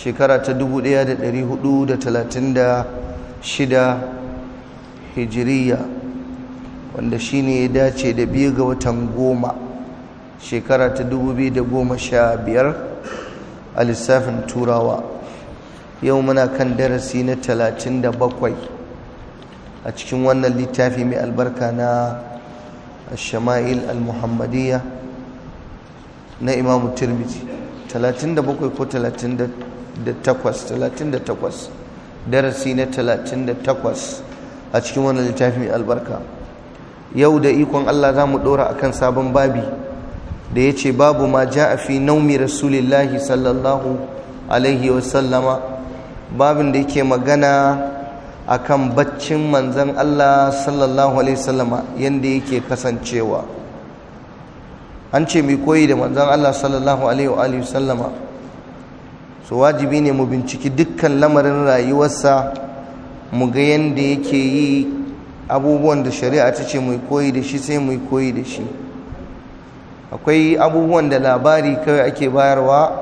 shekara ta 1436 hijiriya wanda shi ne ya dace da biyu ga watan goma shekara ta 2015 a lissafin turawa yau muna kan darasi na 37 a cikin wannan littafi mai albarka na shama'il al-muhammadiyya na imamu tirmidhi 37 ko 38 darasi na 38 a cikin wannan littafi mai albarka yau da ikon Allah za mu ɗora akan sabon babi da ya ce babu ma ja a fi naumi rasulillahi sallallahu alaihi wasallama babin da yake magana a kan baccin manzan Allah sallallahu alaihi wasallama yadda yake kasancewa an ce mai koyi da manzan Allah sallallahu alaihi wasallama so wajibi ne mu binciki dukkan lamarin rayuwarsa mu ga yadda yake yi abubuwan da shari'a ta ce mai koyi da shi sai mai koyi da shi akwai abubuwan da labari kawai ake bayarwa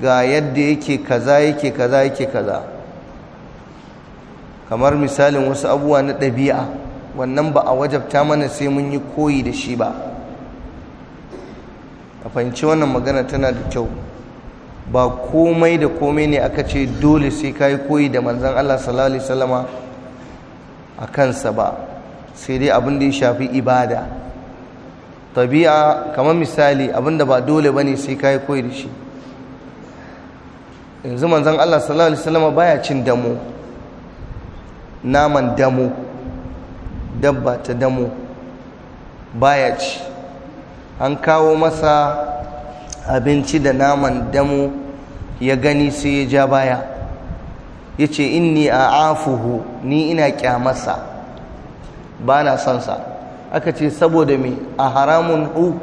ga yadda yake kaza yake kaza yake kaza kamar misalin wasu abubuwa na ɗabi'a wannan ba a wajabta mana sai mun yi koyi da shi ba a fahimci wannan magana tana da kyau ba komai da komai ne aka ce dole sai ka yi koyi da manzan Allah sallallahu alaihi wasallama a kansa ba sai dai abin da ya shafi ibada tabi'a kamar misali abin da ba dole ba ne sai ka yi koyi da shi yanzu manzan Allah sallallahu alaihi wasallama baya cin damo naman damo dabba ta damo baya ci an kawo masa abinci da naman damu ya gani sai ya ja baya ya ce inni a afuhu ni ina kyamarsa ba na son aka ce saboda me a haramun hu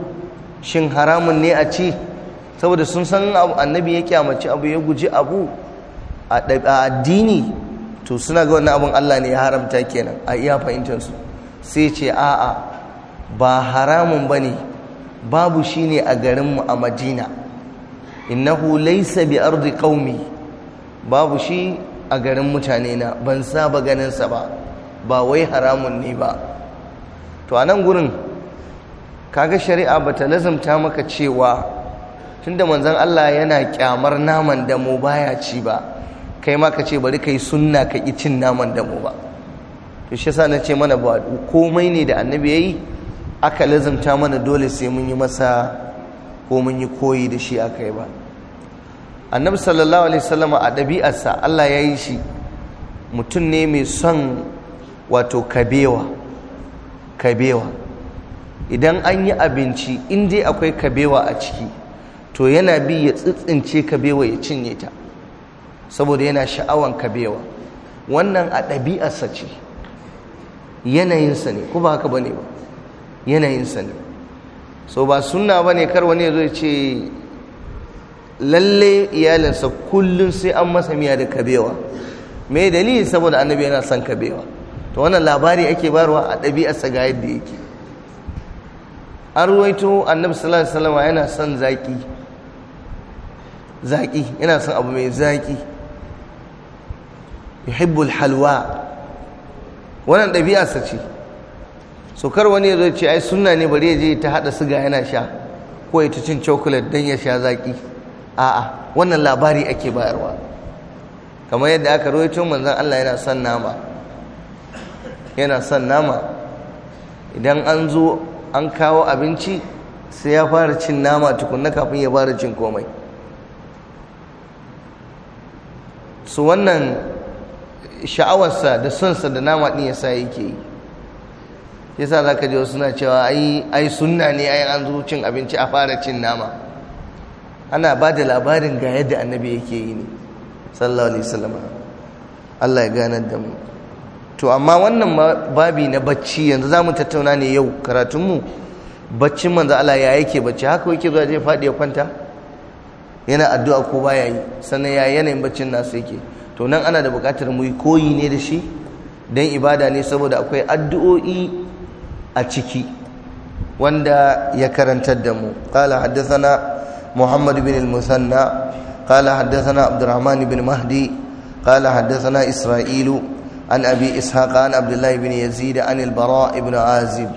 shin haramun ne a ci saboda sun san annabi ya kyamaci abu ya guji abu a addini to suna ga wannan abin Allah ne ya haramta kenan a iya fahimtarsu sai ce a'a ba haramun ba ne babu shi ne a garinmu a madina innahu laisa bi ardi qaumi babu shi a garin mutane na ban saba ganin sa ba ba wai haramun ne ba to a nan gurin kaga shari'a ba ta lazumta maka cewa tunda manzon Allah yana kyamar naman damo baya ci ba kai ma ka ce bari kai sunna ka cin naman damo ba to shi yasa ce mana ba komai ne da annabi yayi aka lazimta mana dole sai mun yi masa ko mun yi koyi da shi aka yi ba annabi sallallahu alaihi wasallam a ɗabi'arsa Allah ya yi shi mutum ne mai son wato kabewa kabewa idan an yi abinci in dai akwai kabewa a ciki to yana bi ya tsitsince kabewa ya cinye ta saboda yana sha'awan kabewa wannan a ɗabi'arsa ce yanayinsa ne ko ba haka ba ne ba yanayin ne so ba suna ba ne kar wani ya zo ya ce lalle iyalinsa kullum sai an masa miya da kabewa me dalilin saboda annabi yana son kabewa to wannan labari ake barwa a ɗabi'arsa ga yadda yake an ruwaito annabi sallallahu alaihi wasallam yana son zaki zaki yana son abu mai zaki yuhibbul halwa wannan ɗabi'arsa ce so kar wani ya zo ce ai sunna ne bari ya je ta hada siga yana sha ko ya ta cin chocolate don ya sha zaki a'a wannan labari ake bayarwa kamar yadda aka rawaito manzon Allah yana son nama yana son nama idan an zo an kawo abinci sai ya fara cin nama tukunna kafin ya fara cin komai su wannan sha'awarsa da sonsa da nama ɗin ya sa yake yi yasa za ka ji wasu na cewa ai sunna ne ai an zo cin abinci a fara cin nama ana ba da labarin ga yadda annabi yake yi ne sallallahu alaihi wasallam Allah ya ganar da mu to amma wannan babi na bacci yanzu za mu tattauna ne yau karatunmu baccin manzo Allah ya yake bacci haka yake zuwa je faɗi ya kwanta yana addu'a ko baya yi sannan ya yanayin baccin nasu yake to nan ana da buƙatar mu yi koyi ne da shi don ibada ne saboda akwai addu'o'i a ciki wanda ya karantar da mu qala muhammad bin al-musanna qala haddathana bin mahdi qala haddathana isra'ilu an abi ishaq an abdullah bin yazid an al-bara ibn azib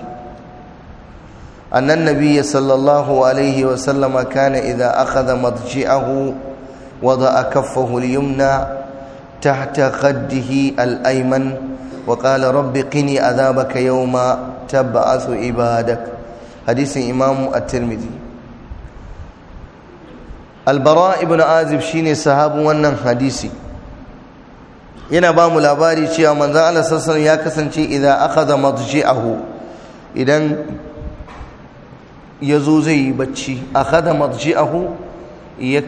أن النبي صلى الله عليه وسلم كان إذا أخذ مضجعه وضع كفه اليمنى تحت خده الأيمن وقال رب قني عذابك يوم tab'athu ibadak hadisin imam at-tirmidhi albara ibn azib shine sahabin wannan hadisi yana ba mu labari cewa manzon Allah sallallahu ya kasance idza akhadha madji'ahu idan yazo zai yi bacci akhadha madji'ahu ya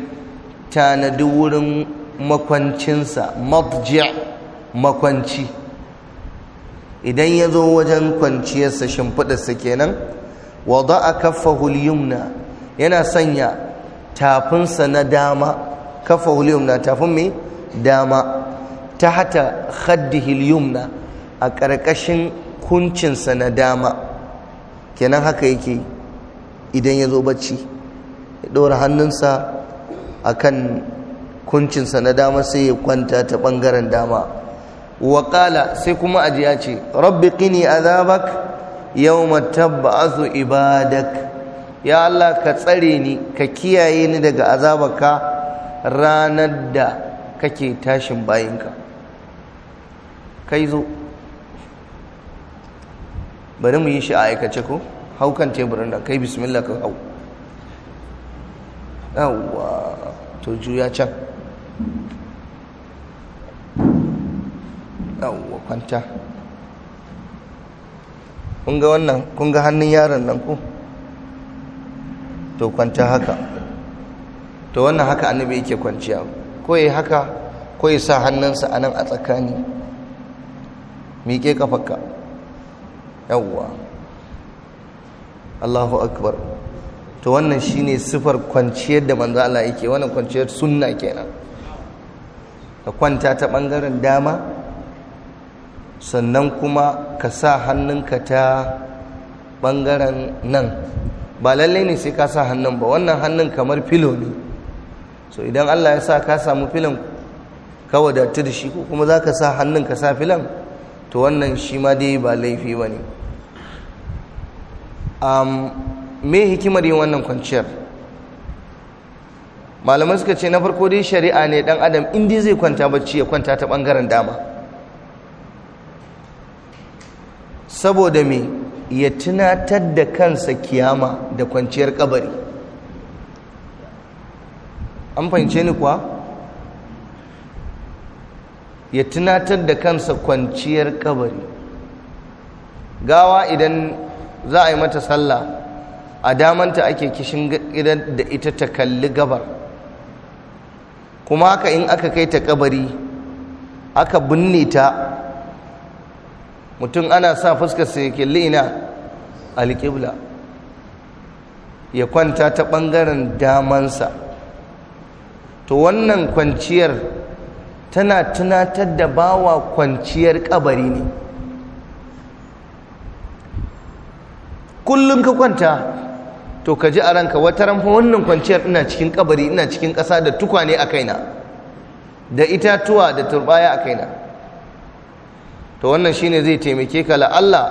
tanadi wurin makwancinsa madji' makwanci idan ya zo wajen kwanciyarsa shimfiɗarsa kenan wadda a kafa huliyumna yana sanya tafinsa na dama kafa huliyumna tafin mai dama ta hata haddi na a ƙarƙashin kuncinsa na dama kenan haka yake idan ya zo bacci ya ɗora hannunsa a kan kuncinsa na dama sai ya kwanta ta ɓangaren dama Waƙala sai kuma aji ya ce rabbi qini azabak yawma tab'athu ibadak ya Allah ka tsare ni ka kiyaye ni daga azabaka ranar da kake tashin bayinka kai zo bari mu yi shi a aikace ko hau kan teburin da kai bismillah ka hau yawwa to juya can yawwa kwanta kun ga wannan kun ga hannun yaron nan ku to kwanta haka to wannan haka annabi yake kwanciya ko yi haka ko yi sa hannunsa a nan a tsakani miƙe kafarka yawwa allahu akbar to wannan shine sifar kwanciyar da manzo Allah yake wannan kwanciyar sunna kenan ka kwanta ta bangaren dama sannan kuma ka sa hannunka ta ɓangaren nan ba lallai ne sai ka sa hannun ba wannan hannun kamar filo ne so idan allah ya sa ka samu filon kawai wadatu da shi ko kuma za ka sa hannun ka sa filon to wannan shi ma dai ba laifi ba ne me hikimar yin wannan kwanciyar malamai suka ce na farko dai shari'a ne dan adam in zai kwanta bacci ya kwanta ta bangaren dama saboda me ya tunatar da kansa kiyama da kwanciyar kabari an fahimce ni kuwa ya tunatar da kansa kwanciyar kabari gawa idan za a yi mata sallah a damanta ake kishin idan da ita ta kalli gabar kuma haka in aka kai ta kabari aka binne ta mutum ana sa fuskarsa ya kalli ina alƙibla ya kwanta ta ɓangaren damansa to wannan kwanciyar tana tunatar da bawa kwanciyar ƙabari ne kullum ka kwanta to ka ji a ranka wata ranfa wannan kwanciyar ina cikin ƙabari ina cikin ƙasa da tukwane a kaina da itatuwa da turbaya a kaina to wannan shine zai taimake ka la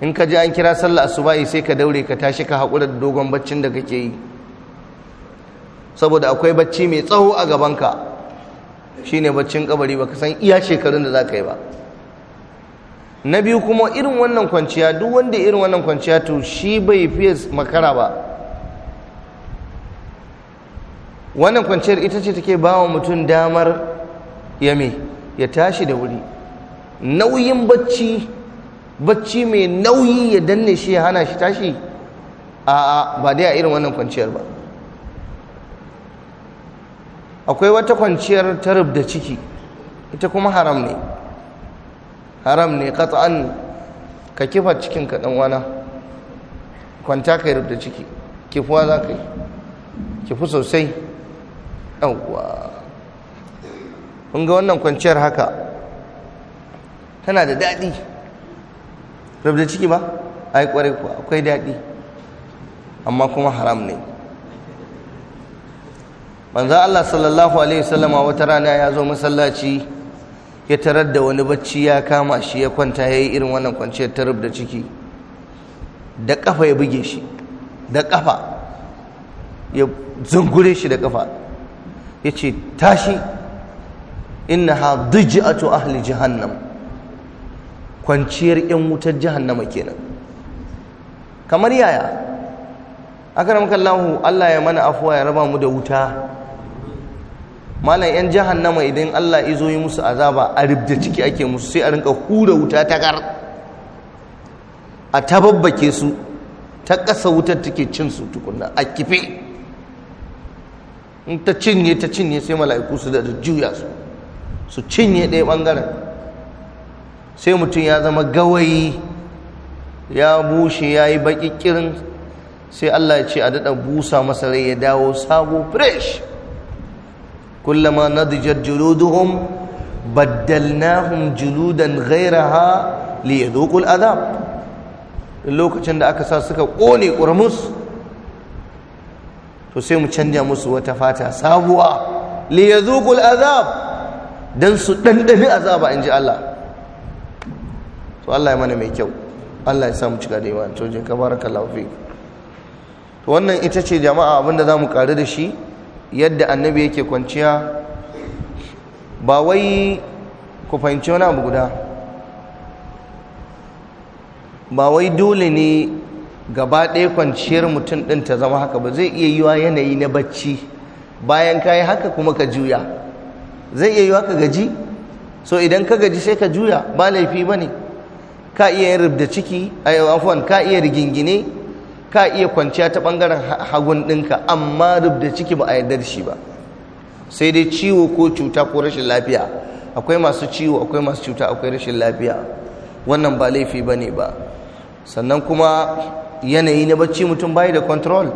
in ka ji an kira sallah asuba'i sai ka daure ka tashi ka haƙura da dogon baccin da kake yi saboda akwai bacci mai tsawo a gabanka shine baccin kabari baka san iya shekarun da za ka yi ba na biyu kuma irin wannan kwanciya duk wanda irin wannan kwanciya to shi bai fiye makara ba wannan kwanciyar ita ce take ba wa mutum damar yame ya tashi da wuri nauyin bacci bacci mai nauyi ya danne shi ya hana shi tashi a ba dai a irin wannan kwanciyar ba akwai wata kwanciyar ta rubda ciki ita kuma haram ne haram ne katsan ka kifa cikin ka wana kwanta ka yi rubda ciki kifuwa za ka yi kifu sosai yawwa ƙunga ga wannan kwanciyar haka tana da daɗi rubda ciki ba ai kware ku akwai daɗi amma kuma haram ne banza Allah sallallahu alaihi wasallama wata rana ya zo masallaci ya tarar da wani bacci ya kama shi ya kwanta ya yi irin wannan kwanciyar ta rubda ciki da kafa ya buge shi da kafa ya zungure shi da kafa ya ce tashi a dij'atu ahli jahannam kwanciyar 'yan wutar jahannama kenan kamar yaya akaramka Allahu Allah ya mana afuwa ya raba mu da wuta malam 'yan jahannama idan Allah izo yi musu azaba a ribda ciki ake musu sai a rinka hura wuta ta kar a tababbake su ta ƙasa wutar take cin su tukunna a kife in ta cinye ta cinye sai mala'iku su da juya su su cinye ɗaya ɓangaren sai mutum ya zama gawayi ya bushe ya yi baƙiƙirin sai Allah ya ce a daɗa busa masa rai ya dawo sabo fresh kullama na juluduhum baddalnahum juludan ghairaha li yadhuqul adab lokacin da aka sa suka ƙone ƙurmus to sai mu canja musu wata fata sabuwa li yadhuqul azab dan su ɗanɗani azaba inji Allah to Allah ya mana mai kyau Allah ya samu cika da yawa to jin ka baraka lafi to wannan ita ce jama'a abinda za mu karu da shi yadda annabi yake kwanciya ba wai ku fahimci wani abu guda ba wai dole ne gaba ɗaya kwanciyar mutum ɗin ta zama haka ba zai iya yiwa yanayi na bacci bayan ka yi haka kuma ka juya zai iya yiwa ka gaji so idan ka gaji sai ka juya ba laifi ba ne ka iya rubda ciki afwan ka iya rigingine ka iya kwanciya ta bangaren hagun ɗinka amma rubda ciki ba a yarda da shi ba sai dai ciwo ko cuta ko rashin lafiya akwai masu ciwo akwai masu cuta akwai rashin lafiya wannan ba laifi ba ne ba sannan kuma yanayi na bacci mutum bayi da control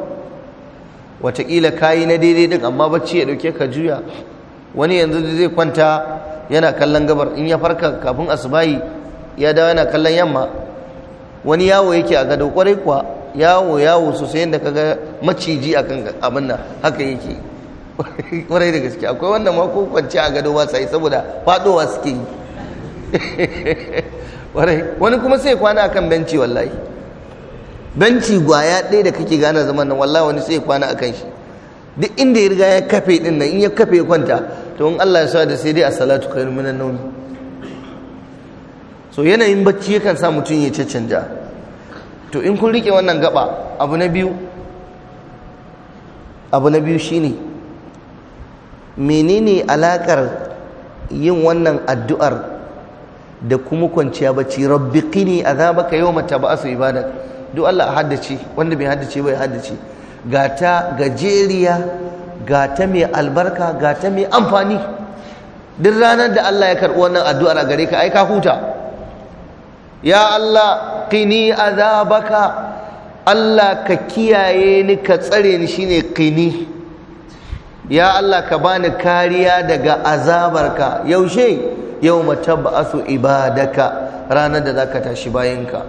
watakila yi na daidai din amma bacci ya dauke ka juya wani yanzu zai kwanta yana kallon gabar in ya farka kafin bayi ya dawo yana kallon yamma wani yawo yake a gado kwarai kuwa yawo yawo sosai yadda kaga maciji akan abin nan haka yake kwarai da gaske akwai wanda ma ko kwanci a gado ba yi saboda fadowa suke yi kwarai wani kuma sai kwana akan benci wallahi benci gwaya ɗaya da kake gane zaman nan wallahi wani sai kwana akan shi duk inda ya riga ya kafe din nan in ya kafe kwanta to in Allah ya sa da sai dai a salatu khairun minan nawmi so yanayin bacci yakan sa mutum ya canja to in kun rike wannan gaba abu na biyu abu na biyu shine menene alakar yin wannan addu'ar da kuma kwanciya bacci rabbi qini azabaka yawma tab'asu ibadak duk Allah haddace wanda bai haddace bai haddace gata gajeriya gata mai albarka gata mai amfani duk ranar da Allah ya karɓi wannan addu'ar a gare ka ai ka huta ya Allah qini azabaka Allah ka kiyaye ni ka tsare ni shine qini ya Allah ka bani kariya daga azabarka yaushe yau matabbasu ibadaka ranar da zaka tashi bayinka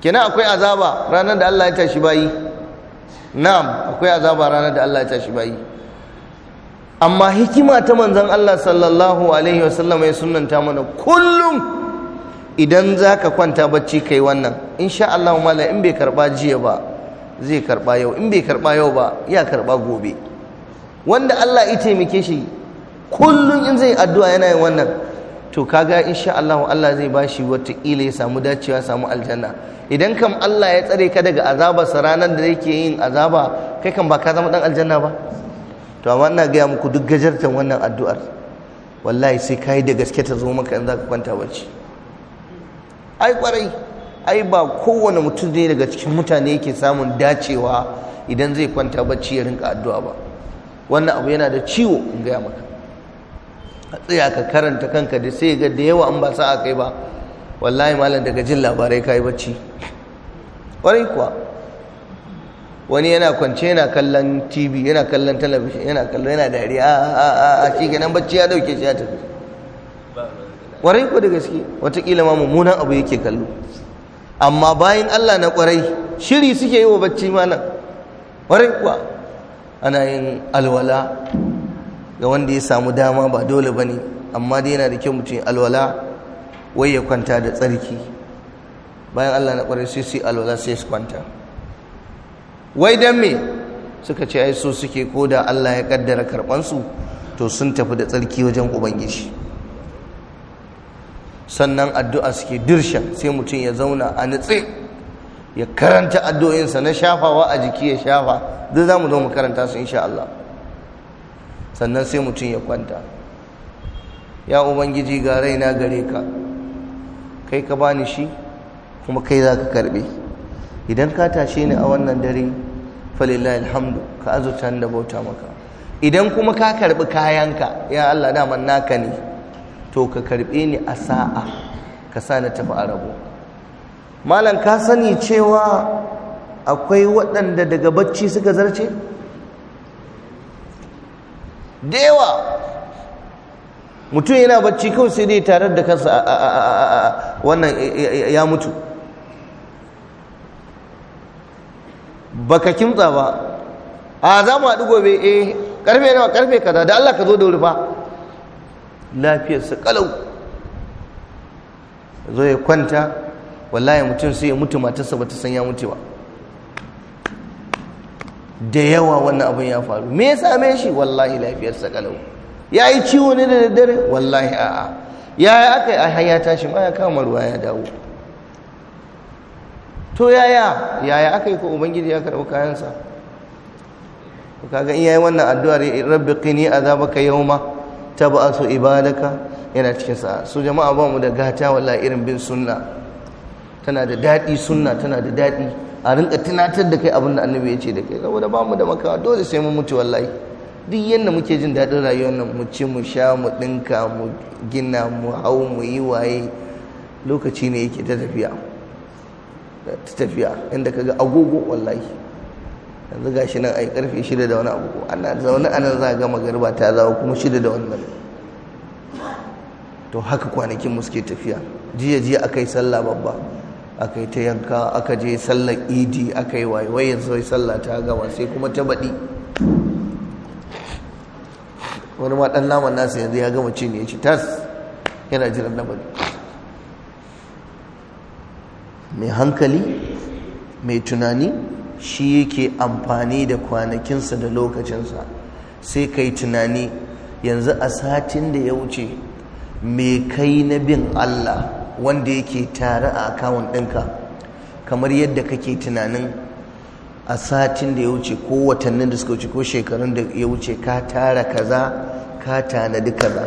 kina akwai azaba ranar da Allah ya tashi bayi na'am akwai azaba ranar da Allah ya tashi bayi amma hikima ta manzon Allah sallallahu alaihi wasallam ya sunnanta mana kullum idan za ka kwanta bacci kai wannan insha Allah mala in bai karba jiya ba zai karba yau in bai karba yau ba ya karba gobe wanda Allah ya taimake shi kullum in zai addu'a yana yin wannan to kaga insha Allah Allah zai bashi wata ila ya samu dacewa samu aljanna idan kam Allah ya tsare ka daga azaba ranar da yake yin azaba kai kan ba ka zama dan aljanna ba to amma ina gaya muku duk gajartan wannan addu'ar wallahi sai kai da gaske ta zo maka in ka kwanta bacci ai kwarai ai ba kowane mutum ne daga cikin mutane yake samun dacewa idan zai kwanta bacci ya rinka addu'a ba wannan abu yana da ciwo in gaya maka a tsaya ka karanta kanka da sai ga da yawa an ba sa'a kai ba wallahi malam daga jin labarai kai bacci kwarai kuwa wani yana kwance yana kallon tv yana kallon talabijin, yana kallon yana dariya a a a shi bacci ya dauke shi ya tafi Kwarai ko da gaske watakila ma mummunan abu yake kallo amma bayan Allah na ƙwarai shiri suke yi wa bacci nan. Kwarai kuwa ana yin alwala ga wanda ya samu dama ba dole ba ne amma dai yana da kyau mutum alwala wai ya kwanta da tsarki bayan Allah na ƙwarai sai su alwala sai su kwanta wai dan me suka ce ai so suke ko da Allah ya kaddara karɓansu to sun tafi da tsarki wajen ubangiji sannan addu'a suke dirshan sai mutum ya zauna a nutse ya karanta addu'o'insa na shafawa a jiki ya shafa duk za mu zo mu karanta su insha Allah sannan sai mutum ya kwanta ya ubangiji ga raina gare ka kai ka bani shi kuma kai za ka karbe idan ka tashe ni a wannan dare falillahi alhamdu ka azuta da bauta maka idan kuma ka karbi kayanka ya Allah daman naka ne to ka karbe ni a sa'a ka sa na tafi a malam ka sani cewa akwai waɗanda daga bacci suka zarce da yawa mutum yana bacci kawai sai dai tarar da kansa wannan ya mutu baka kimtsa ba a za mu haɗu gobe eh karfe nawa karfe kaza da Allah ka zo da wuri fa lafiyarsa kalau zo ya kwanta wallahi mutum sai ya mutu matarsa ba ta san ya mutu ba da yawa wannan abin ya faru me ya same shi wallahi lafiyarsa kalau ya yi ciwo ne da daddare wallahi a'a ya yi aka yi har ya tashi ma ya kama ruwa ya dawo to yaya yaya aka yi ko ubangiji ya karɓi kayansa kaga in yayi wannan addu'ar rabbi qini azabaka yawma tab'asu ibadaka yana cikin sa su jama'a ba mu da gata wallahi irin bin sunna tana da dadi sunna tana da dadi a rinka tunatar da kai abin da annabi ya ce da kai saboda ba mu da makawa dole sai mu mutu wallahi duk yadda muke jin daɗin rayuwar nan mu ci mu sha mu ɗinka mu gina mu hau mu yi waye lokaci ne yake ta tafiya ta tafiya inda kaga agogo wallahi yanzu ga shi nan ai karfe shida da wani abu ana zaune ana za a gama garba ta zawo kuma shida da wannan to haka kwanakin mu suke tafiya jiya jiya aka yi sallah babba aka yi ta yanka aka je sallar idi aka yi waiwai yanzu sai sallah ta gama sai kuma ta baɗi wani ma ɗan naman nasa yanzu ya gama cin ya ci tas yana jiran na baɗi mai hankali mai tunani shi yake amfani da kwanakinsa da lokacinsa sai ka yi tunani yanzu a satin da ya wuce mai kai na bin Allah wanda yake tare a akawun ɗinka kamar yadda kake tunanin a satin da ya wuce ko watannin da suka wuce ko shekarun da ya wuce ka tara kaza ka tanadi kaza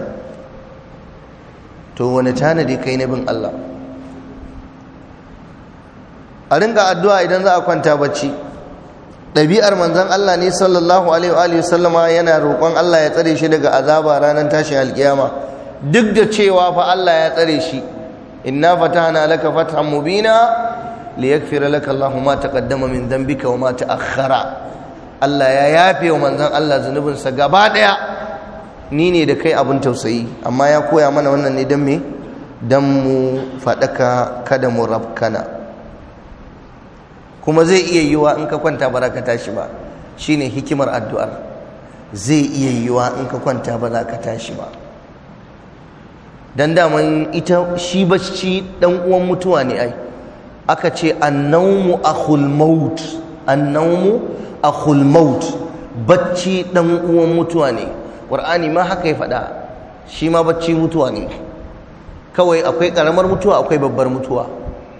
to wani tanadi kai na bin Allah a ringa addu'a idan za a kwanta bacci ɗabi'ar manzon Allah ne sallallahu alaihi wa sallama yana roƙon Allah ya tsare shi daga azaba ranar tashin alkiyama duk da cewa fa Allah ya tsare shi inna fatahna laka fathan mubina liyakfira laka Allahu ma taqaddama min dhanbika wa ma ta'akhkhara Allah ya yafe wa manzon Allah zunubinsa gaba daya ni ne da kai abin tausayi amma ya koya mana wannan ne dan me dan mu faɗaka kada mu rabkana kuma zai iya yiwa in ka kwanta ba za ka tashi ba shine hikimar addu'ar zai iya yiwa in ka kwanta ba za ka tashi ba Don daman ita shi bacci dan uwan mutuwa ne ai aka ce a akhul maut annawmu a hulmaut bacci dan uwan mutuwa ne Al-ƙarani ma haka ya faɗa shi ma bacci mutuwa ne kawai akwai karamar mutuwa akwai babbar mutuwa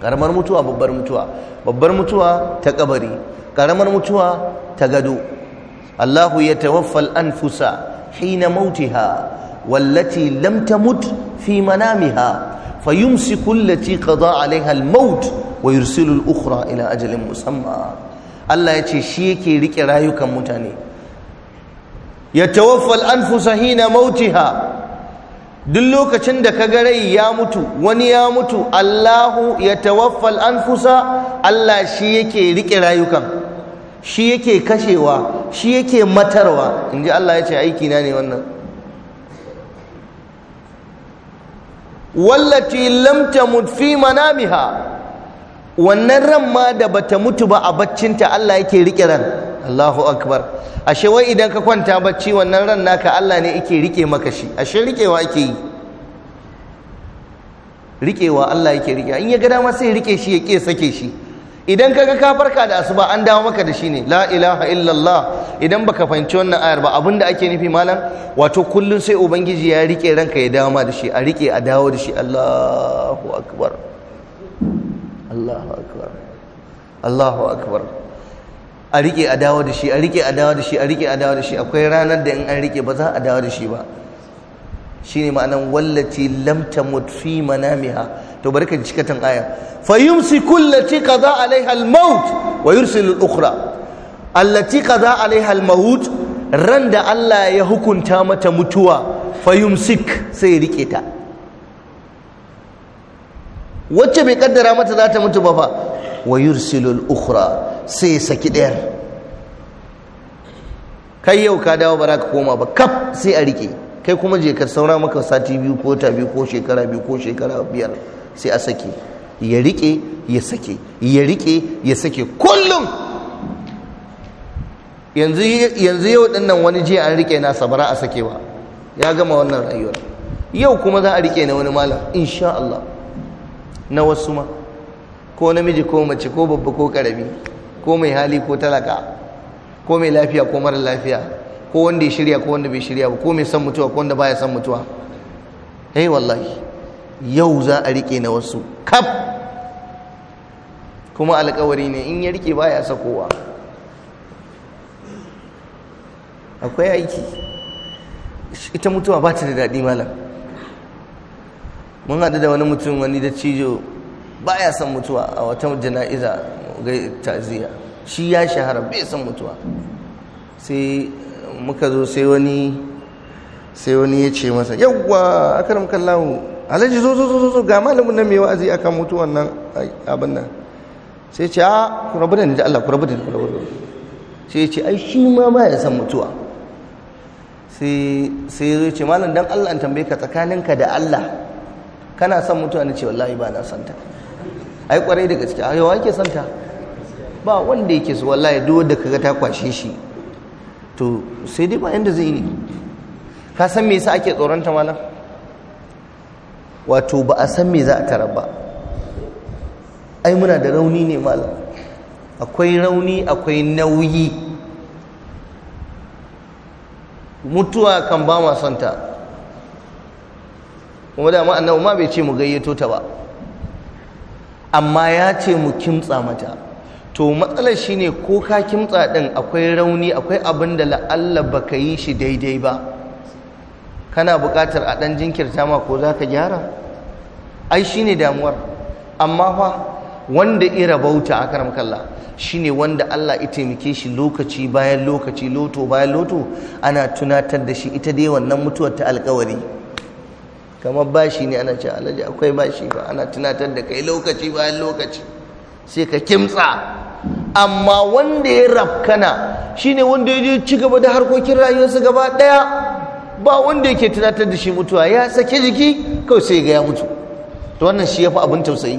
karamar mutuwa babbar mutuwa babbar mutuwa ta kabari karamar mutuwa ta gado Allahu ya tawaffal anfusa hina mautiha wallati lam tamut fi manamiha fayumsiku allati qada alaiha almaut wa yursilu al-ukhra ila ajalin musamma Allah ya ce shi yake rike rayukan mutane ya tawaffal anfusa hina mautiha duk lokacin da ka rai ya mutu wani ya mutu Allahu ya tawaffal kusa, Allah shi yake riƙe rayukan shi yake kashewa shi yake matarwa In ji Allah ya ce aiki na ne wannan wallati lamta tamut manamiha wannan ran ma da bata mutu ba a baccinta Allah yake rike ran Allahu akbar ashe wai idan ka kwanta bacci wannan ran naka Allah ne yake rike maka shi ashe rikewa ake yi rikewa Allah yake rike in ya ga dama sai rike shi ya ke sake shi idan kaga ka farka da asuba an dawo maka da shi ne la ilaha illallah idan baka fahimci wannan ayar ba da ake nufi malam wato kullun sai ubangiji ya rike ranka ya dawo ma da shi a rike a dawo da shi Allahu akbar Allahu akbar Allahu akbar a rike a dawo da shi a rike a dawo da shi a rike a dawo da shi akwai ranar da in an rike ba za a dawo da shi ba shine ma'anan wallati lam tamut fi manamiha to barkan ji cikatan aya fa yumsiku allati qada alaiha al-maut wa yursilu al-ukhra allati qada alaiha al-maut ran da Allah ya hukunta mata mutuwa fa yumsik sai rike ta wacce bai kaddara mata za ta mutu ba fa wa yursilul ukhra sai saki ɗayar kai yau ka dawo ba za ka koma ba kaf sai a rike kai kuma je ka saura maka sati biyu ko ta biyu ko shekara biyu ko shekara biyar sai a sake ya rike ya sake ya rike ya sake kullum yanzu yau din nan wani jiya an rike nasa bara a sakewa ya gama wannan rayuwar yau kuma za a rike na wani malam insha Allah na wasu ma ko namiji ko mace ko babba ko karami ko mai hali ko talaka ko mai lafiya ko mara lafiya ko wanda ya shirya ko wanda bai shirya ba ko mai son mutuwa ko wanda baya son mutuwa eh wallahi yau za a rike na wasu kaf kuma alkawari ne in ya rike baya sakowa akwai aiki ita mutuwa ba ta da daɗi malam mun haɗu da wani mutum wani da cijo ya son mutuwa a wata jana'iza ga taziya shi ya shahara bai son mutuwa sai muka zo sai wani sai wani ya ce masa yawwa akaram kallahu alhaji zo zo zo ga malamin nan mai wa'azi akan mutuwan nan abin nan sai ce a ah, ku rabu da ni da Allah ku rabu da ni sai ce ai shi ma ma ya san mutuwa sai sai ya ce malam dan Allah an tambaye ka tsakaninka da Allah kana son mutuwa ne ce wallahi ba na santa ai kwarai daga ciki, ai wa yake santa ba wanda yake so wallahi duk wanda kaga ta kwashe shi to sai dai ba yanda zai yi ka san me yasa ake tsoron ta malam wato ba a san me za a tara ba ai muna da rauni ne malam akwai rauni akwai nauyi mutuwa kan ba ma santa kuma dama annabi ma bai ce mu gayyato ta ba amma ya ce mu kimtsa mata to matsalar shine ko ka kimtsa din akwai rauni akwai abin da la'alla baka yi shi daidai ba kana buƙatar a ɗan jinkirta ma ko za ka gyara ai shine damuwar amma fa wanda ira bauta a karam kalla shine wanda Allah ya taimake shi lokaci bayan lokaci loto bayan loto ana tunatar da shi ita dai wannan mutuwar ta alƙawari kamar bashi ne ana cewa alhaji akwai bashi ba ana tunatar da kai lokaci bayan lokaci sai ka kimtsa amma wanda ya rafkana shine wanda ya je ci gaba da harkokin rayuwarsa gaba daya ba wanda yake tunatar da shi mutuwa ya sake jiki kawai sai ga ya mutu to wannan shi ya fi abin tausayi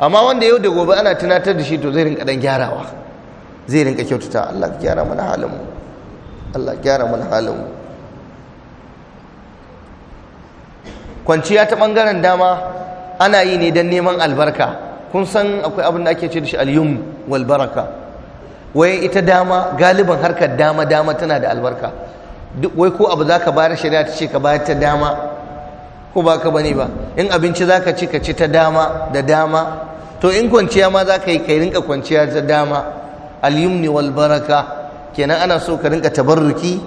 amma wanda yau da gobe ana tunatar da shi to zai rinka dan gyarawa zai rinka kyautata Allah gyara mana halin mu Allah gyara mana halin mu kwanciya ta bangaren dama ana yi ne don neman albarka kun san akwai abin da ake ce da shi alyum wal wai ita dama galiban harkar dama dama tana da albarka duk wai ko abu zaka bayar shari'a ta ce ka bayar ta dama ko ba ka bane ba in abinci zaka ci ka ci ta dama da dama to in kwanciya ma zaka yi kai rinka kwanciya ta dama alyumni wal baraka kenan ana so ka rinka tabarruki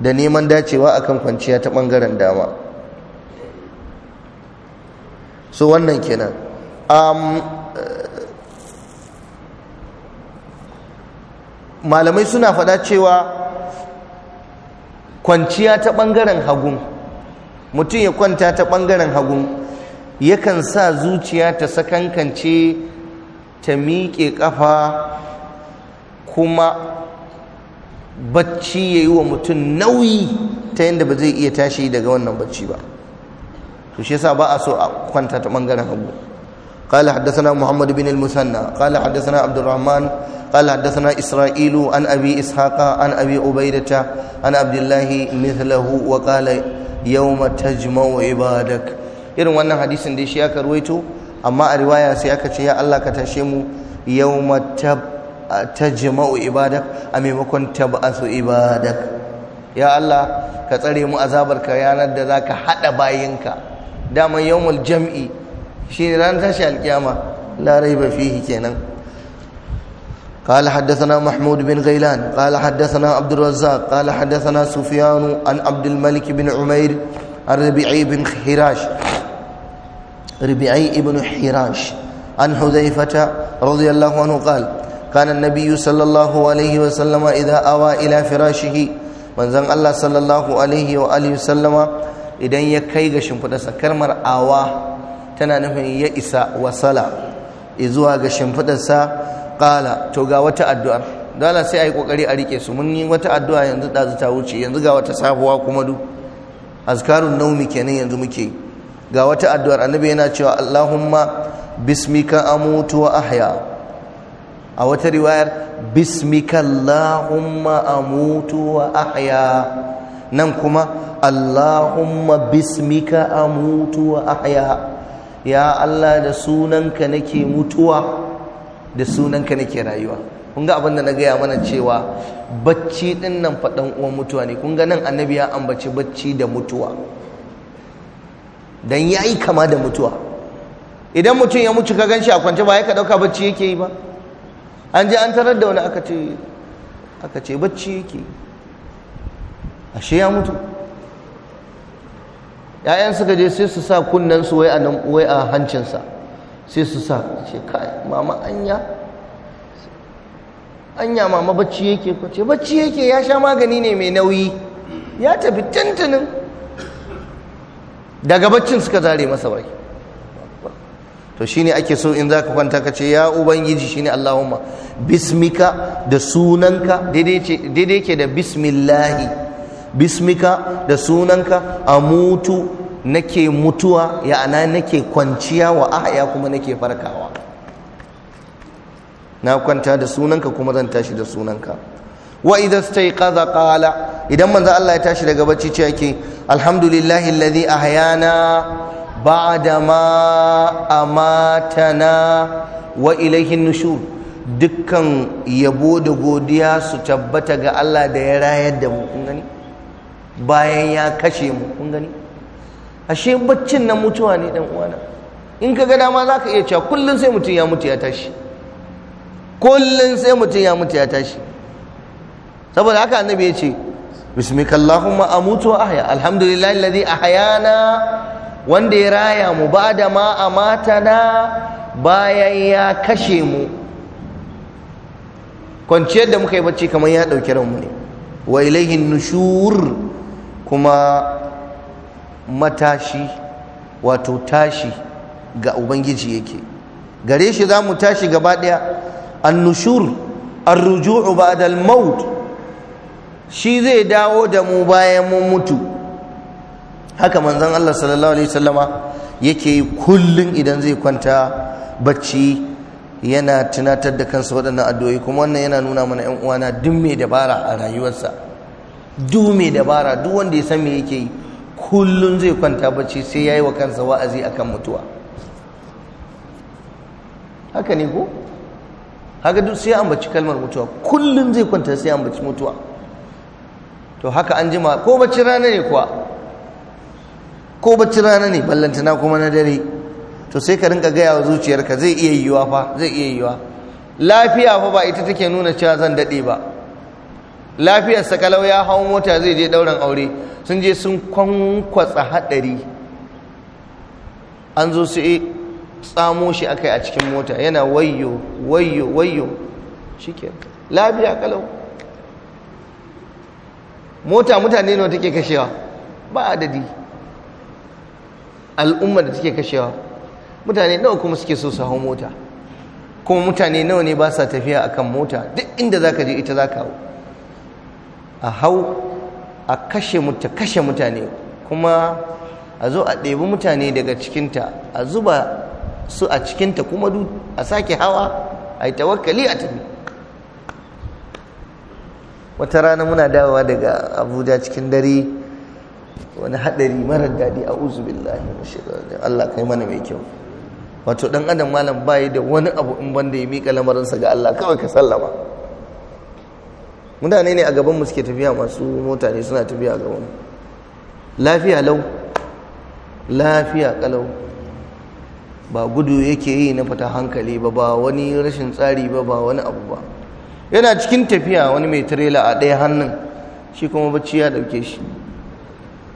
da neman dacewa akan kwanciya ta bangaren dama so wannan kenan um, malamai suna faɗa cewa kwanciya ta ɓangaren hagun mutum ya kwanta ta ɓangaren hagun yakan sa zuciya ta sakankance ta miƙe ƙafa kuma bacci ya yi wa mutum nauyi ta yadda ba zai iya tashi daga wannan bacci ba to shi yasa ba a so a kwanta ta bangaren hagu قال حدثنا محمد بن المثنى قال حدثنا عبد الرحمن قال حدثنا إسرائيل عن أبي إسحاق عن أبي عبيدة عن عبد الله مثله وقال يوم تجمع عبادك irin wannan hadisin da shi aka ruwaito amma a riwaya sai aka ce ya Allah ka tashe mu yawma tajma'u ibadak a maimakon tab'asu ibadak ya Allah ka tsare mu ka yanar da zaka hada bayinka daman yawmul jam'i shi ne ran tashi alkiyama la raiba fihi kenan قال حدثنا محمود بن غيلان قال حدثنا عبد الرزاق قال حدثنا سفيان عن عبد الملك بن عمير عن ربيعي بن حراش ربيعي بن حراش عن حذيفة رضي الله عنه قال كان النبي صلى الله عليه وسلم إذا أوى إلى فراشه من زن الله صلى الله عليه وآله وسلم idan ya kai ga shimfidarsa karmar awa tana nufin ya isa wasala zuwa ga shimfidarsa ƙala to ga wata addu'ar dala sai a yi ƙoƙari a rike su mun yi wata addu'a yanzu ɗazu ta wuce yanzu ga wata sabuwa kuma du azkarun naumi kenan yanzu muke ga wata addu'ar annabi yana cewa allahumma bismika amutu wa ahya a wata riwayar bismika allahumma amutu wa ahya nan kuma Allahumma bismika mutuwa a haya ya Allah da sunanka nake mutuwa da sunanka nake rayuwa kun abinda na gaya mana cewa bacci din nan faɗan uwan mutuwa ne Kunga nan annabi ya ambaci bacci da mutuwa don ya yi kama da mutuwa idan mutum ya mutu ka ganshi a kwance ba ya ka dauka bacci yake yi ba an je an tarar da wani aka ce bacci yake yi ashe ya mutu ‘ya'yan suka je sai su sa kunnensu wai a nan wai a hancinsa sai su sa ce kai mama anya anya mama bacci yake ko ce bacci yake ya sha magani ne mai nauyi ya tafi tantanin daga baccin suka zare masa bai to shine ake so in zaka kwanta ka ce ya ubangiji shine Allahumma bismika da sunanka daidai yake da bismillahi bismika da sunanka a mutu nake mutuwa ya'ana nake kwanciya wa ahaya kuma nake farkawa na kwanta da sunanka kuma zan tashi da sunanka wa yi kaza kawala. idan manza Allah ya tashi daga bacci ce ke alhamdulillahi alladhi ahyana ba'da ma matana wa ilayhi nushur dukkan yabo da godiya su tabbata ga Allah da ya rayar da mu bayan ya kashe mu kun gani ashe baccin na mutuwa ne dan uwana in ka ga dama zaka iya cewa kullun sai mutum ya mutu ya tashi kullun sai mutum ya mutu ya tashi saboda haka annabi ya ce allahumma amutu wa ahya alhamdulillahi alladhi ahyana wanda ya raya mu ba da ma na, bayan ya kashe mu kwanciyar da muka yi bacci kamar ya ɗauki ranmu ne wa ilaihin nushur kuma matashi wato tashi ga ubangiji yake gare shi za mu tashi gaba ɗaya annushur arruju'u Badal maut shi zai dawo da mu bayan mun mutu haka manzon Allah sallallahu alaihi wasallama yake kullum idan zai kwanta bacci yana tunatar da kansa waɗannan addu'o'i kuma wannan yana nuna mana 'yan uwana duk mai dabara a rayuwarsa duk mai dabara duk wanda ya san me yake yi kullum zai kwanta bacci sai ya yi wa kansa wa'azi akan mutuwa haka ne ko haka duk sai an bacci kalmar mutuwa kullum zai kwanta sai an bacci mutuwa to haka an jima ko bacci rana ne kuwa ko bacci rana ne ballantana kuma na dare to sai ka rinka gaya wa zuciyarka zai iya yiwuwa fa zai iya yiwuwa lafiya fa ba ita take nuna cewa zan dade ba lafiyar sakalau ya hau mota zai je dauran aure sun je sun kwankwatsa haɗari an zo su tsamo shi akai a cikin mota yana wayo, wayo, wayo. shike lafiya kalau mota mutane ne take kashewa ba adadi al'umma da take kashewa mutane nawa kuma suke so su hau mota kuma mutane nawa ne ba sa tafiya akan mota duk inda zaka je ita zaka hau a hau a kashe mutu kashe mutane kuma a zo a ɗebi mutane daga cikinta a zuba su a cikinta kuma a sake hawa a yi tawakkali a tafi wata rana muna dawowa daga abuja cikin dare wani haɗari marar daɗi a uzubillahi Allah kai mana mai kyau wato ɗan adam malam bayi da wani abu in banda ya miƙa lamarinsa ga Allah kawai ka sallama mutane ne a gaban mu suke tafiya masu mota ne suna tafiya a gaban lafiya lau lafiya kalau ba gudu yake yi na fita hankali ba ba wani rashin tsari ba ba wani abu ba yana cikin tafiya wani mai tirela a ɗaya hannun shi kuma bacci ya ɗauke shi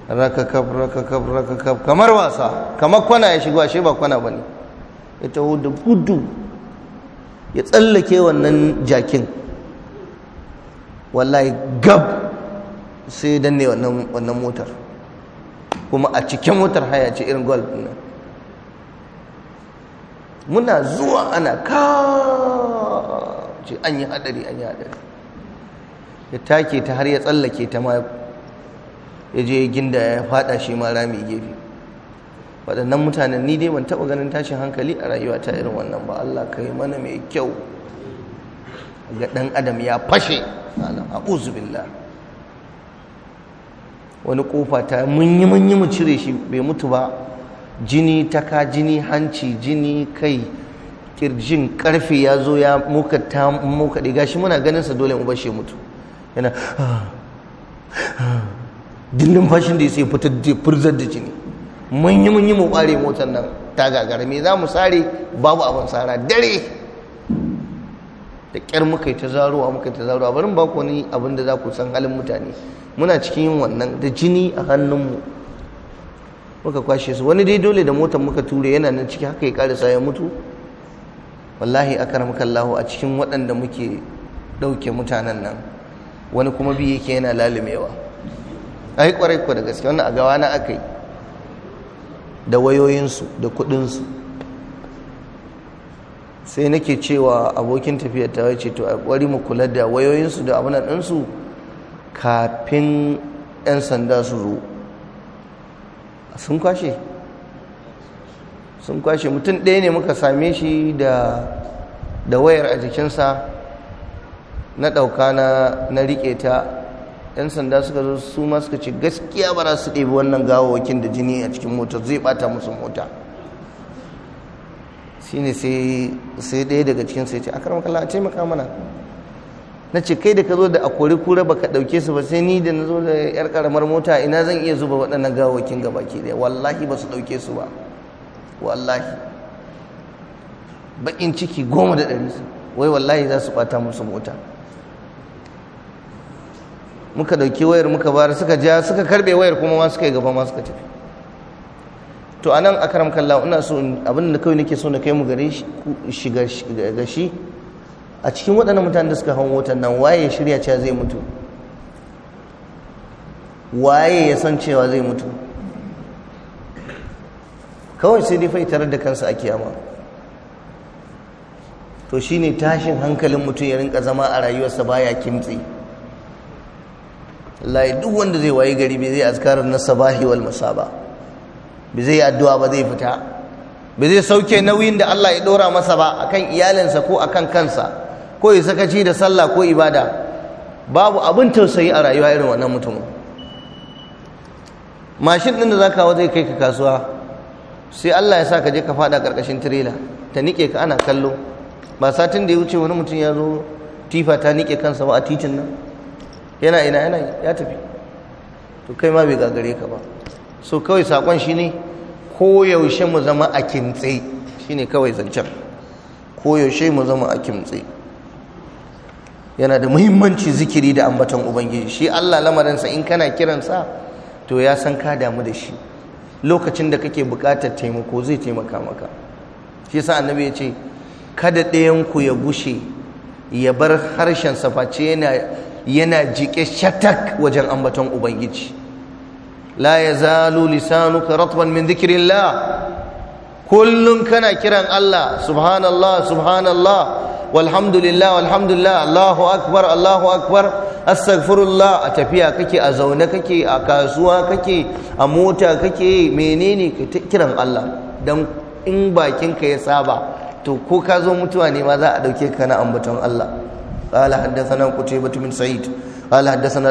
rakakaf rakakaf rakakaf kamar wasa kamar kwana ya shigo shi ba kwana ba ne ya taho da gudu ya tsallake wannan jakin wallahi gab sai danne wannan motar kuma a cikin motar haya ce irin gwal nan muna zuwa ana kawo ce an yi hadari an yi hadari ya take ta har ya tsallake ta ma ya je ginda ya fada shi ma rami gefe waɗannan mutanen ni dai ban taɓa ganin tashin hankali a rayuwa ta irin wannan ba Allah ka yi mana mai kyau ga ɗan adam ya fashe ta'ala billah wani kofa ta mun yi mun yi mu cire shi bai mutu ba jini taka jini hanci jini kai kirjin karfe ya zo ya muka ta muka diga shi muna ganin sa dole mu shi mutu yana ah, ah, ah. dillin fashin da sai fitar da furzar da jini mun yi mun yi mu kware motar nan ta gagara me za mu sare babu abin sara dare da ƙyar muka yi ta zaruwa muka yi ta zaruwa barin ba ku wani abin da za ku san halin mutane muna cikin yin wannan da jini a hannunmu muka kwashe su wani dai dole da motar muka ture yana nan ciki haka ya karisa ya mutu wallahi akaramka lahu a cikin waɗanda muke ɗauke mutanen nan wani kuma bi yake yana lalumewa ai kwarai ku da gaske wannan a gawa na aka yi da wayoyinsu da kuɗinsu sai nake cewa abokin tafiyar ta wace to wari mu kula da wayoyinsu da abunan ɗinsu kafin 'yan sanda su zo sun kwashe sun kwashe mutum ɗaya ne muka same shi da wayar a jikinsa na ɗauka na riƙe ta 'yan sanda suka zo su ma suka ce gaskiya ba za su ɗebi wannan gawawakin da jini a cikin motar zai bata musu mota shine sai sai ɗaya daga cikin sai ce akram kallah a taimaka mana na ce kai da ka zo da akori kura baka dauke su ba sai ni da na zo da yar karamar mota ina zan iya zuba waɗannan gawakin gaba ke ɗaya wallahi ba su ɗauke su ba wallahi baƙin ciki goma da ɗari wai wallahi za su ɓata musu mota muka ɗauki wayar muka bar suka ja suka karɓe wayar kuma ma suka yi gaba ma suka tafi to anan a karam kalla ina so abin da kawai nake so na kai mu gare shi ga shi a cikin waɗannan mutanen da suka hau watan nan waye ya shirya cewa zai mutu waye ya san cewa zai mutu kawai sai dai itar da kansa a kiyama to shine tashin hankalin mutum ya rinka zama a rayuwarsa baya kimtsi lai duk wanda zai waye gari bai zai azkarar na sabahi wal masaba ba Bi zai yi addu'a ba zai fita Bi zai sauke nauyin da Allah ya dora masa ba akan iyalinsa ko akan kansa ko ya sakaci da sallah ko ibada babu abin tausayi a rayuwa irin wannan mutumin mashin ɗin da za ka zai kai ka kasuwa sai Allah ya sa ka je ka fada karkashin tirela ta nike ka ana kallo ba satin da ya wuce wani mutum ya zo tifa ta nike kansa ba a titin nan yana ina yana ya tafi to kai ma bai gagare ka ba so kawai sakon shi ne koyaushe mu zama a kimtse shi ne kawai zancen koyaushe mu zama a kimtse yana da muhimmanci zikiri da ambaton ubangiji shi allah lamarinsa in kana kiransa to ya san ka damu da shi lokacin da kake buƙatar taimako zai taimaka maka shi sa annabi ya ce kada ɗayanku ya gushe ya bar harshen face yana yana jike shatak wajen ambaton ubangiji la yazalu lisanuka ratban min dhikrillah kullum kana kiran Allah subhanallah subhanallah walhamdulillah walhamdulillah Allahu akbar Allahu akbar astaghfirullah a tafiya kake a zaune kake a kasuwa kake a mota kake menene kiran Allah dan in bakinka ya saba to ko ka zo mutuwa ne ma za a ɗauke ka na ambaton Allah qala haddathana qutaybah bin sa'id قال حدثنا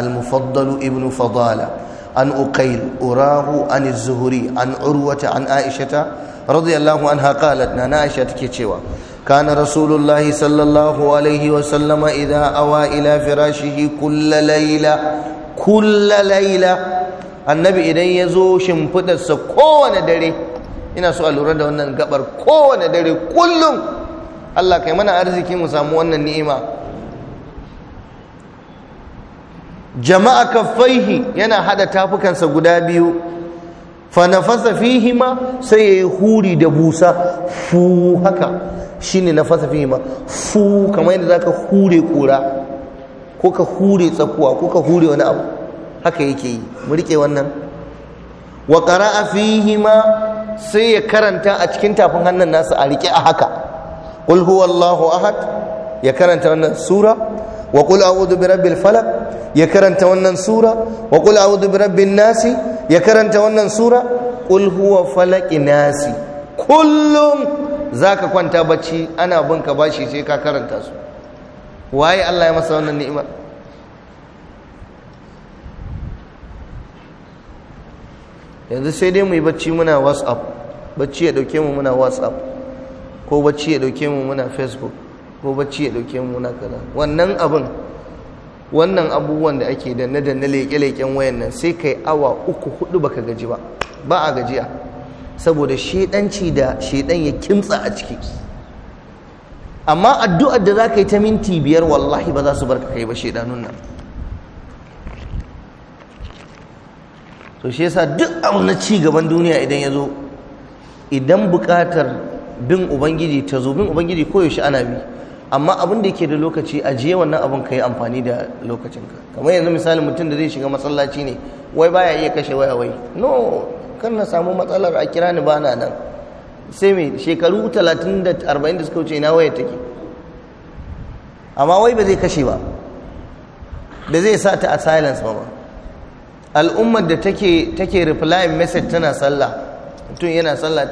المفضل ابن فضالة عن أقيل أراه عن الزهري عن عروة عن عائشة رضي الله عنها قالت نانا عائشة كيتشوا كان رسول الله صلى الله عليه وسلم إذا أوى إلى فراشه كل ليلة كل ليلة النبي إذا يزو شمفت السكون دري ina so a lura da wannan gabar kowane dare kullum Allah kai mana arziki mu samu wannan ni'ima jama'a kaffaihi yana hada tafukansa guda biyu fa fihi ma sai ya yi huri da busa fu haka shine nafasa ma fu kamar yadda zaka hure kura ko ka hure tsakuwa ko ka hure wani abu haka yake yi mu rike wannan wa fihi ma sai ya karanta a cikin tafin hannun nasa a rike a haka qul ahad ya karanta wannan sura wa qul a'udhu bi rabbil ya karanta wannan sura wa qul a'udhu bi nasi ya karanta wannan sura qul huwa nasi kullum zaka kwanta bacci ana bin bashi sai ka karanta su waye Allah ya masa wannan yanzu sai dai mu yi bacci muna whatsapp bacci ya dauke mu muna whatsapp ko bacci ya dauke mu muna facebook ko bacci ya dauke mu na kaza wannan abun wannan abubuwan da ake danne danne leke-leken wayan nan sai kai awa uku hudu baka gaji ba ba a gajiya saboda shedanci da shedan ya kimtsa a ciki amma addu'ar da za ka yi ta minti biyar wallahi ba za su barka kai ba shedanun nan to shi yasa duk abu na ci gaban duniya idan ya zo idan buƙatar bin ubangiji ta zo bin ubangiji koyaushe ana bi amma abin da yake da lokaci ajiye wannan abin ka yi amfani da lokacinka kamar yanzu misali mutum da zai shiga matsalaci ne wai baya iya kashe waya wai no kan na samu matsalar a kira ni bana nan sai me shekaru 30 da 40 da suka wuce ina waya take amma wai ba zai kashe ba da zai sa ta a silence ba al'ummar da take take reply message tana sallah mutum yana sallah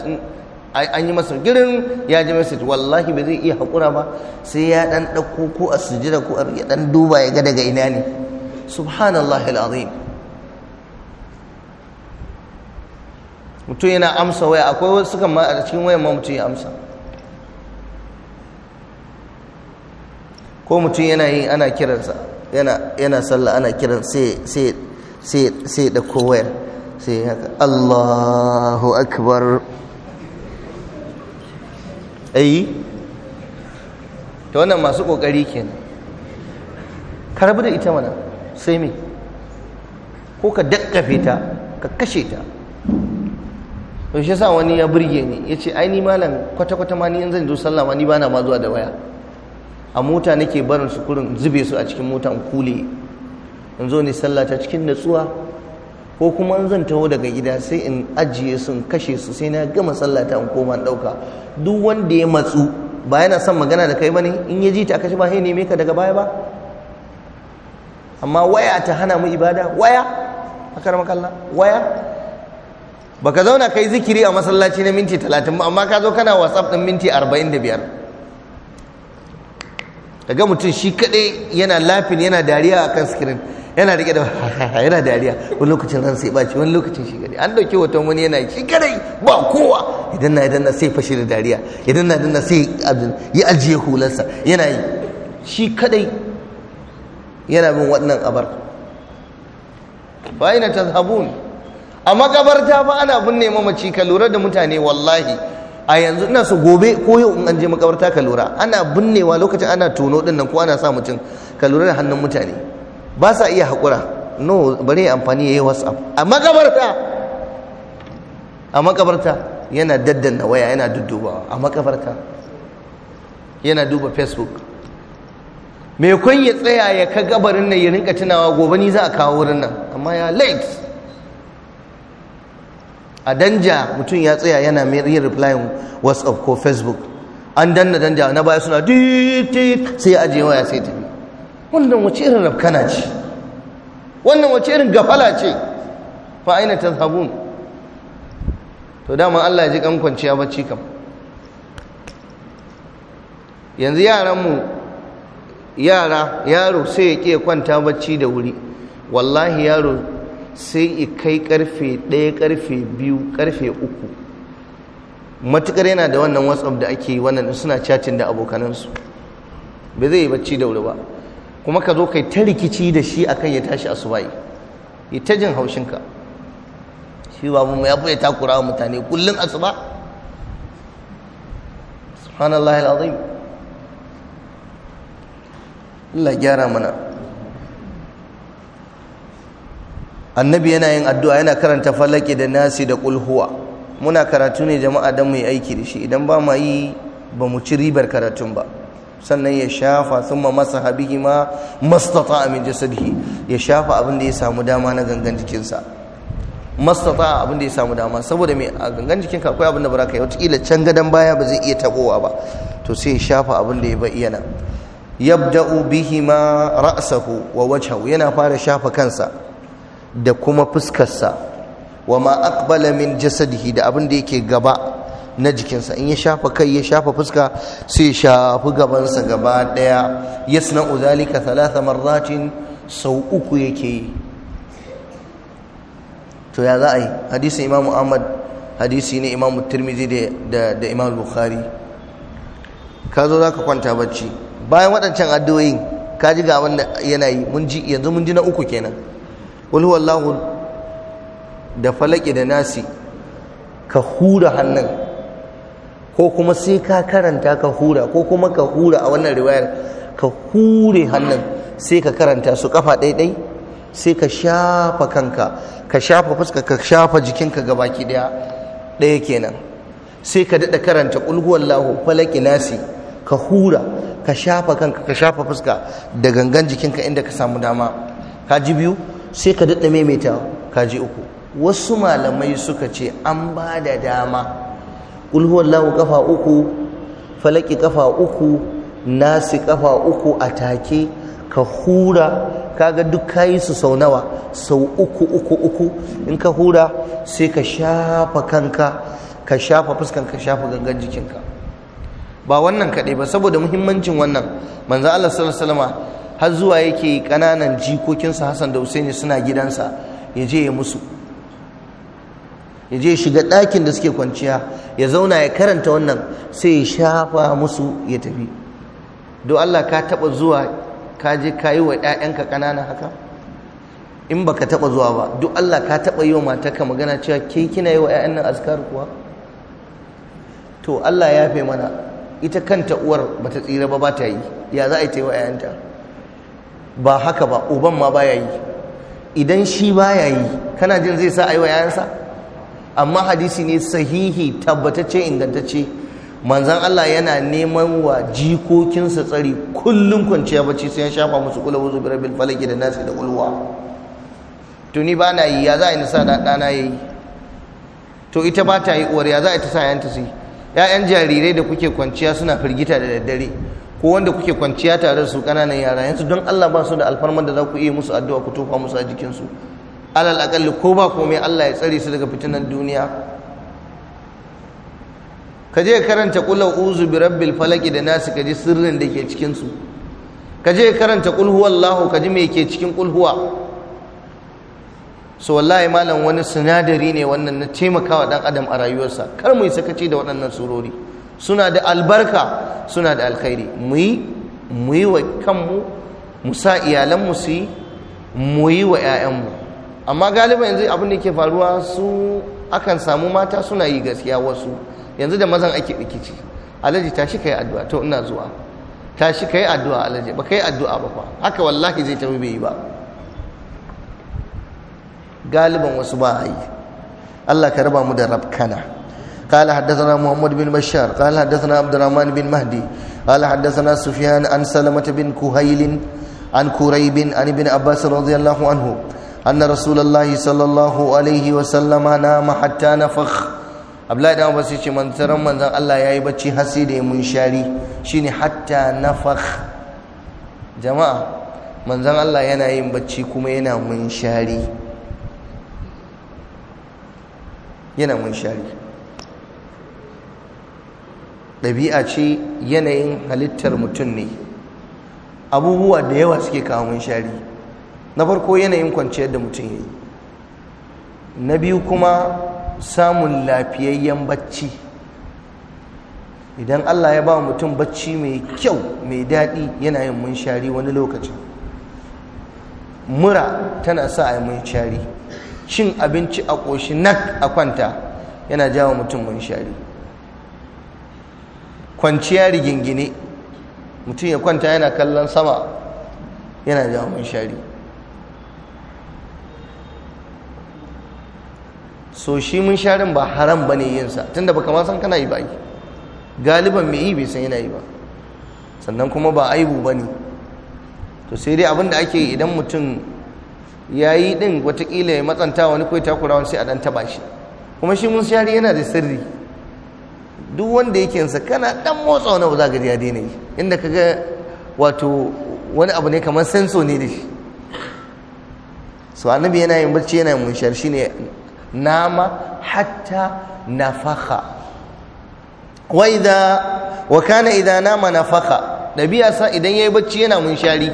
an yi masa girin ya ji message wallahi ba zai iya haƙura ba sai ya ɗan ɗauko ko a sujjada ko ya ɗan duba ya ga daga ina ne subhanallah al'azim mutum yana amsa waya akwai wasu kan ma a cikin wayan ma mutum ya amsa ko mutum yana yi ana kiransa yana sallah ana kiran sai sai sai da kowayar sai haka Allahu akbar tsayi ta wannan masu ƙoƙari kenan ka da ita mana sai me ko ka dakkafe ta ka kashe ta to shi yasa wani ya burge ni yace ai ni malam kwata kwata ma ni in zan zo sallah ma ni bana ma zuwa da waya a mota nake barin su kurin zube su a cikin motan kule in zo ne sallah ta cikin natsuwa ko kuma zan taho daga gida sai in ajiye su in kashe su sai na gama sallata in koma ɗauka duk wanda ya matsu ba yana son magana da kai bane in ya ji ta kashe ba sai neme ka daga baya ba amma waya ta hana mu ibada waya A kar makalla waya baka zauna kai zikiri a masallaci na minti 30 ba amma ka zo kana whatsapp din minti 45 daga mutum shi kadai yana lafin yana dariya akan screen yana rike da yana dariya wani lokacin ran sai baci wani lokacin shi gari an dauki hoton wani yana shi kadai ba kowa idan na idan na sai fashi da dariya idan na idan na sai yi ajiye hularsa yana yi shi kadai yana bin waɗannan abar bayina zabun a makabarta fa ana binne mamaci ka lura da mutane wallahi a yanzu ina so gobe ko yau in an je makabarta ka lura ana binnewa lokacin ana tono din nan ko ana sa mutum ka lura da hannun mutane ba sa iya haƙura no bari amfani ya yi whatsapp a makabarta a makabarta yana daddanna waya yana duddubawa a makabarta yana duba facebook mai kun ya tsaya ya ka gabarin nan ya rinka tunawa gobe ni za a kawo wurin nan amma ya late a danja mutum ya tsaya yana mai yin replying whatsapp ko facebook an danna danja na baya suna titit sai ya ajiye waya sai tafi wannan wace irin rafkana ce wannan wace irin gafala ce fa aina tazhabun to dama Allah ya ji kan kwanciya bacci kam yanzu yaran mu yara yaro sai ya ke kwanta bacci da wuri wallahi yaro sai ya kai karfe ɗaya karfe biyu karfe uku matukar yana da wannan whatsapp da ake yi wannan suna chatin da abokanansu ba zai yi bacci da wuri ba kuma ka zo kai ta rikici da shi akan ya tashi asubahi ya ta jin haushinka shi babu mu ya ya takura wa mutane kullum asuba subhanallah alazim Allah gyara mana annabi yana yin addu'a yana karanta falaki da nasi da kulhuwa muna karatu ne jama'a don mu yi aiki da shi idan ba ma yi ba mu ci ribar karatun ba sannan ya shafa masa masaha ma mastata min jasadihi ya shafa abin da ya samu dama na gangan jikinsa mastata abin da ya samu dama saboda mai a gangan jikinka akwai abin da ba za ka yi can gadon baya ba zai iya taɓowa ba to sai ya shafa abin da ya ba iya nan yabda'u bihima ra'sahu wa wajhahu yana fara shafa kansa da kuma fuskarsa wa ma aqbala min jasadihi da abin da yake gaba na jikinsa in ya shafa kai ya shafa fuska sai ya shafi gabansa gaba daya yasna uzalika talata marratin sau uku yake yi to ya za a yi hadisin imamu ahmad hadisi ne imamu Turmizi da imam bukhari ka zo za ka kwanta bacci bayan waɗancan addu'o'in ka ji ga wanda yana yi mun ji yanzu mun ji na uku kenan wal da falaki da nasi ka hura hannun ko kuma sai ka karanta ka hura ko kuma ka hura a wannan riwayar ka hure hannun sai ka karanta su kafa ɗaiɗai sai ka shafa kanka ka shafa fuska ka shafa jikinka ga baki ɗaya ɗaya kenan sai ka daɗa karanta lahu falaki nasi ka hura ka shafa kanka ka shafa fuska da gangan jikinka inda ka samu dama ka ji biyu sai ka daɗa maimaita ka ji uku wasu malamai suka ce an ba da dama qul lahu kafa uku falaki kafa uku nasi kafa uku a take, ka hura kaga duk kayi su sau nawa sau uku uku uku in ka hura sai ka shafa kanka ka shafa fuskan ka shafa gangan jikinka ba wannan kaɗai ba saboda muhimmancin wannan manzo Allah sallallahu alaihi har zuwa yake ƙananan jikokinsa Hassan da Husaini suna gidansa ya je ya musu ya je shiga ɗakin da suke kwanciya ya zauna ya karanta wannan sai ya shafa musu ya tafi don Allah ka taɓa zuwa ka je ka yi wa ‘ya'yanka ƙanana haka in baka taɓa zuwa ba duk Allah ka taɓa yi wa matarka magana cewa ke kina yi wa ƴaƴan askar kuwa to Allah ya fe mana ita kanta uwar ba ta tsira ba ba ta yi ya za a yi yi wa ‘ya'yanta ba haka ba uban ma ba ya yi idan shi ba ya yi kana jin zai sa a yi wa ‘ya'yansa amma hadisi ne sahihi tabbatacce ingantacce manzan Allah yana neman wa jikokinsa tsari kullum kwanciya bacci sai ya shafa musu kula wuzu bi rabbil falaki da nasi da ulwa to ni ba na yi ya za a yi sa da ɗana ya yi to ita ba ta yi uwar ya za a ta sa yanta su yi ‘ya'yan jarirai da kuke kwanciya suna firgita da daddare ko wanda kuke kwanciya tare da su ƙananan yara yanzu don Allah ba su da alfarmar da za ku iya musu addu'a ku tofa musu a jikinsu alal akalli ko ba komai Allah ya tsare su daga fitinan duniya ka je karanta kulau uzu bi rabbil falaki da nasu ka ji sirrin da ke cikin su ka je karanta kul huwallahu ka ji me ke cikin kul huwa so wallahi malam wani sinadari ne wannan na taimakawa dan adam a rayuwarsa kar mu yi sakaci da waɗannan surori suna da albarka suna da alkhairi mu yi mu yi wa kanmu mu sa iyalanmu su yi mu yi wa 'ya'yanmu amma galiba yanzu abin da ke faruwa su akan samu mata suna yi gaskiya wasu yanzu da mazan ake rikici alhaji tashi kai addu'a to ina zuwa tashi kai addu'a alhaji ba kai addu'a ba fa haka wallahi zai tafi bai yi ba galiban wasu ba yi Allah ka raba mu da rabkana قال حدثنا محمد بن بشار قال حدثنا عبد الرحمن بن مهدي قال حدثنا سفيان عن سلمة بن كهيل عن كريب عن ابن عباس رضي الله عنه أن رسول الله صلى الله عليه وسلم نام حتى نفخ Abdullahi dan Abbas yace manzaran manzan Allah yayi bacci har sai da ya munshari shine hatta nafakh jama'a manzan Allah yana yin bacci kuma yana munshari yana munshari ɗabi'a ce yanayin halittar mutum ne abubuwa da yawa suke kawo munshari na farko yanayin kwanciyar da mutum ya yi na biyu kuma samun lafiyayyen bacci idan allah ya ba mutum bacci mai kyau mai daɗi yana yin munshari wani lokacin mura tana sa a yi munshari cin abinci a ƙoshi nak a kwanta yana jawo mutum munshari kwanciya rigingine mutum ya kwanta yana kallon sama yana jawo munshari so shi mun sharin ba haram ba ne yinsa tunda baka ma san kana yi ba yi. galiban mai yi bai san yana yi ba sannan kuma ba aibu ba ne to sai dai abin da ake yi idan mutum ya yi ɗin watakila ya matsanta wani ko takura wani sai a ɗan taɓa shi kuma shi mun shari yana da sirri duk wanda yake yinsa kana ɗan motsa wani ba za ka ya daina yi inda ka ga wato wani abu ne kamar senso ne da shi so annabi yana yin barci yana yin munshar ne nama hatta nafakha wai da wa kana nama nafaka dabi'a sa idan yi bacci yana munshari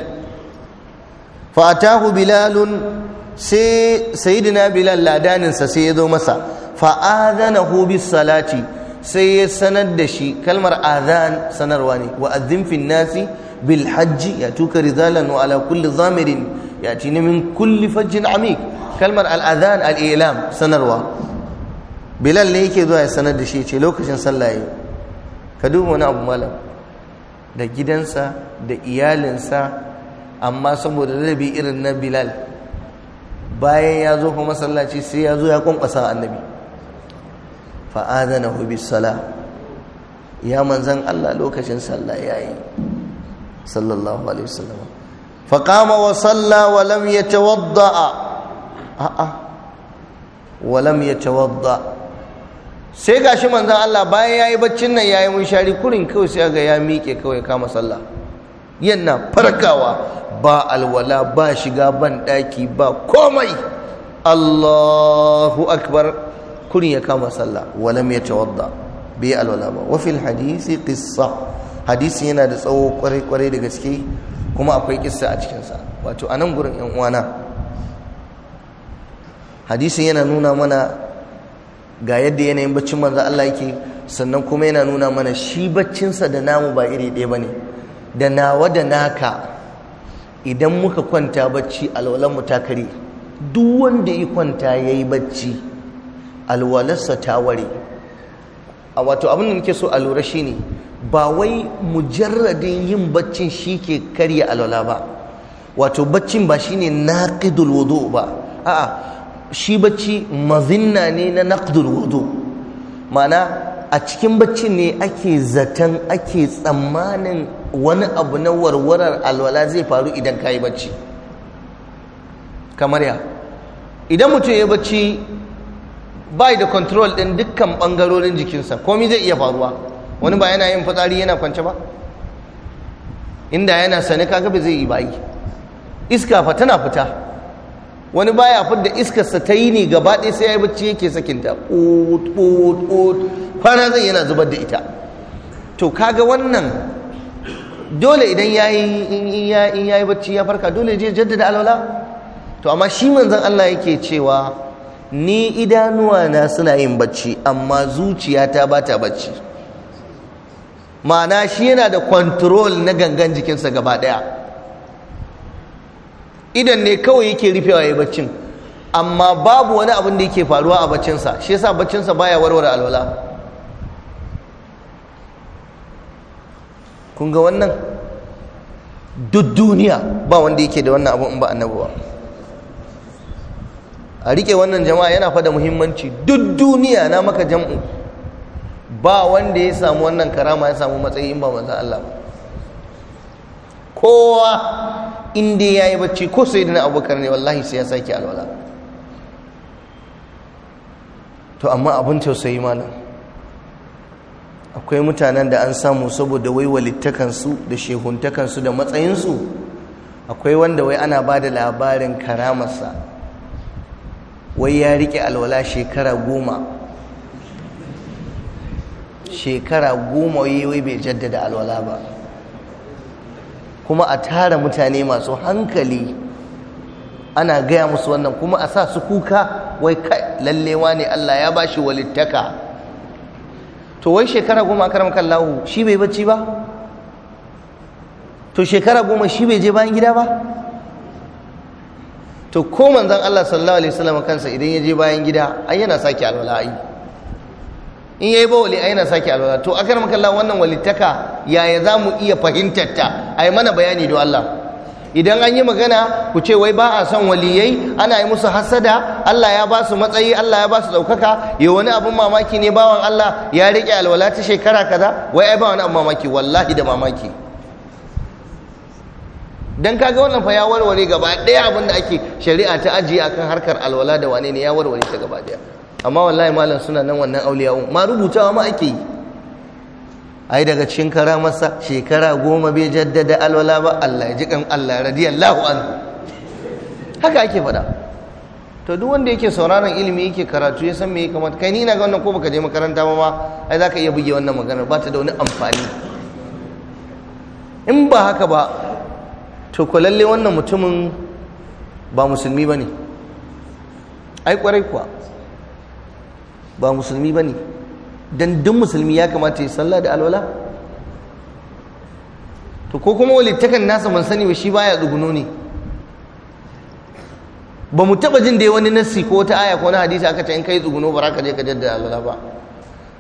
Fatahu bilalun sai sayyidina bilal ladanin sai ya zo masa fa adanahu salati sai ya sanar da shi kalmar azan sanarwa ne wa adhin nasi bil hajji ya tuka rizalan wa ala kulli zamirin yatini min kulli fajjin amik kalmar al'adhan al'ilam sanarwa bilal ne yake zuwa ya sanar da shi ce lokacin sallah yayi ka duba wani abu malam da gidansa da iyalinsa amma saboda rabi irin na bilal bayan ya zo kuma masallaci sai ya zo ya kwankwasa annabi fa'adana hu sala ya manzan Allah lokacin sallah yayi sallallahu alaihi wasallam فقام وصلى ولم يتوضأ a'a walam ya sai gashi manzon Allah bayan yayi baccin nan yayi shari kurin kawai sai ga ya miƙe kawai kama sallah yana farkawa ba alwala ba shiga ban daki ba komai Allahu akbar kurin ya kama sallah walam ya tawadda bai alwala ba wa fil hadisi qissa hadisi yana da tsawo kwarai kwarai da gaske kuma akwai kisa a cikinsa wato a nan gurin yan uwana hadisin yana nuna mana ga yadda yanayin baccin manzo Allah yake sannan kuma yana nuna mana shi baccinsa da namu ba iri ɗaya ba ne. da nawa da naka idan muka kwanta bacci alwalanmu ta kare duk wanda ya kwanta yayi bacci alwalarsa ta ware a wato abin da muke so a lura ne. ba wai mujarradin yin baccin shi ke karya alwala ba wato baccin ba shine naqidul wudu ba a'a shi bacci mazinna ne na naqdul wudu mana a cikin bacci ne ake zaton ake tsammanin wani abu na warwarar alwala zai faru idan ka yi bacci kamar ya idan mutum ya bacci bai da control din dukkan bangarorin jikinsa komai zai iya faruwa wani ba yana yin fitsari yana kwance ba inda yana sani kaga ba zai yi ba iska fa tana fita wani baya fidda sa ta yi ne gaba ɗaya sai ya yi bacci yake sakinta ut ut ut kwana zai yana zubar da ita to kaga wannan dole idan ya yi ya yi bacci ya farka dole je jaddada alwala to amma shi manzon Allah yake cewa ni idanuwa na suna yin bacci amma zuciyata ba ta bacci ma'ana shi yana da kwantrol na gangan jikinsa gaba ɗaya idan ne kawai yake rufewa ya baccin amma babu wani abin da yake faruwa a baccinsa shi yasa baccinsa baya warware alwala kun ga wannan duk duniya ba wanda yake da wannan abin in ba annabuwa. a rike wannan jama'a yana fada muhimmanci duk duniya na maka jam'u ba wanda ya samu wannan karama ya samu matsayi in ba manzan Allah ba kowa inda ya yi bacci ko sai dina abokan ne wallahi sai ya sake alwala to amma abin tausayi malam akwai mutanen da an samu saboda wai walittakansu da shehuntakansu da matsayinsu akwai wanda wai ana ba da labarin karamarsa wai ya rike alwala shekara goma shekara goma yi bai jaddada alwala ba kuma a tara mutane masu hankali ana gaya musu wannan kuma a sa su kuka wai kai lallewa ne Allah ya ba shi walittaka to wai shekara goma karam kallahu shi bai bacci ba to shekara goma shi bai je bayan gida ba to ko manzon Allah sallallahu alaihi wasallam kansa idan ya je bayan gida ai yana sake alwala ai in ya yayi ba wali yana sake alwala to akar makalla wannan walittaka yaya za mu iya fahimtar ta ai mana bayani don Allah idan an yi magana ku ce wai ba a son waliyai ana yi musu hasada Allah ya ba su matsayi Allah ya ba su ɗaukaka ya wani abin mamaki ne bawan Allah ya riƙe alwala ta shekara kaza wai ai ba wani abin mamaki wallahi da mamaki dan kaga wannan fa ya warware gaba ɗaya abin da ake shari'a ta ajiye akan harkar alwala da wane ne ya warware ta gaba ɗaya amma wallahi malam suna nan wannan auliya'un ma rubutawa ma ake yi ai daga cikin kara masa shekara goma bai jaddada alwala ba Allah ya ji kan Allah radiyallahu anhu haka ake faɗa to duk wanda yake sauraron ilimi yake karatu ya san me ya kamata kai ni na ga wannan ko baka je makaranta ba ma ai zaka iya buge wannan maganar ba ta da wani amfani in ba haka ba to ko lalle wannan mutumin ba musulmi bane ai kwarai kuwa ba musulmi ba ne don duk musulmi ya kamata ya sallah da alwala to ko kuma walittakan nasa ban sani ba shi baya tsuguno ne ba mu taba jin da wani nasi ko ta aya ko na hadisi aka ce in kai tsuguno ba ka je ka alwala ba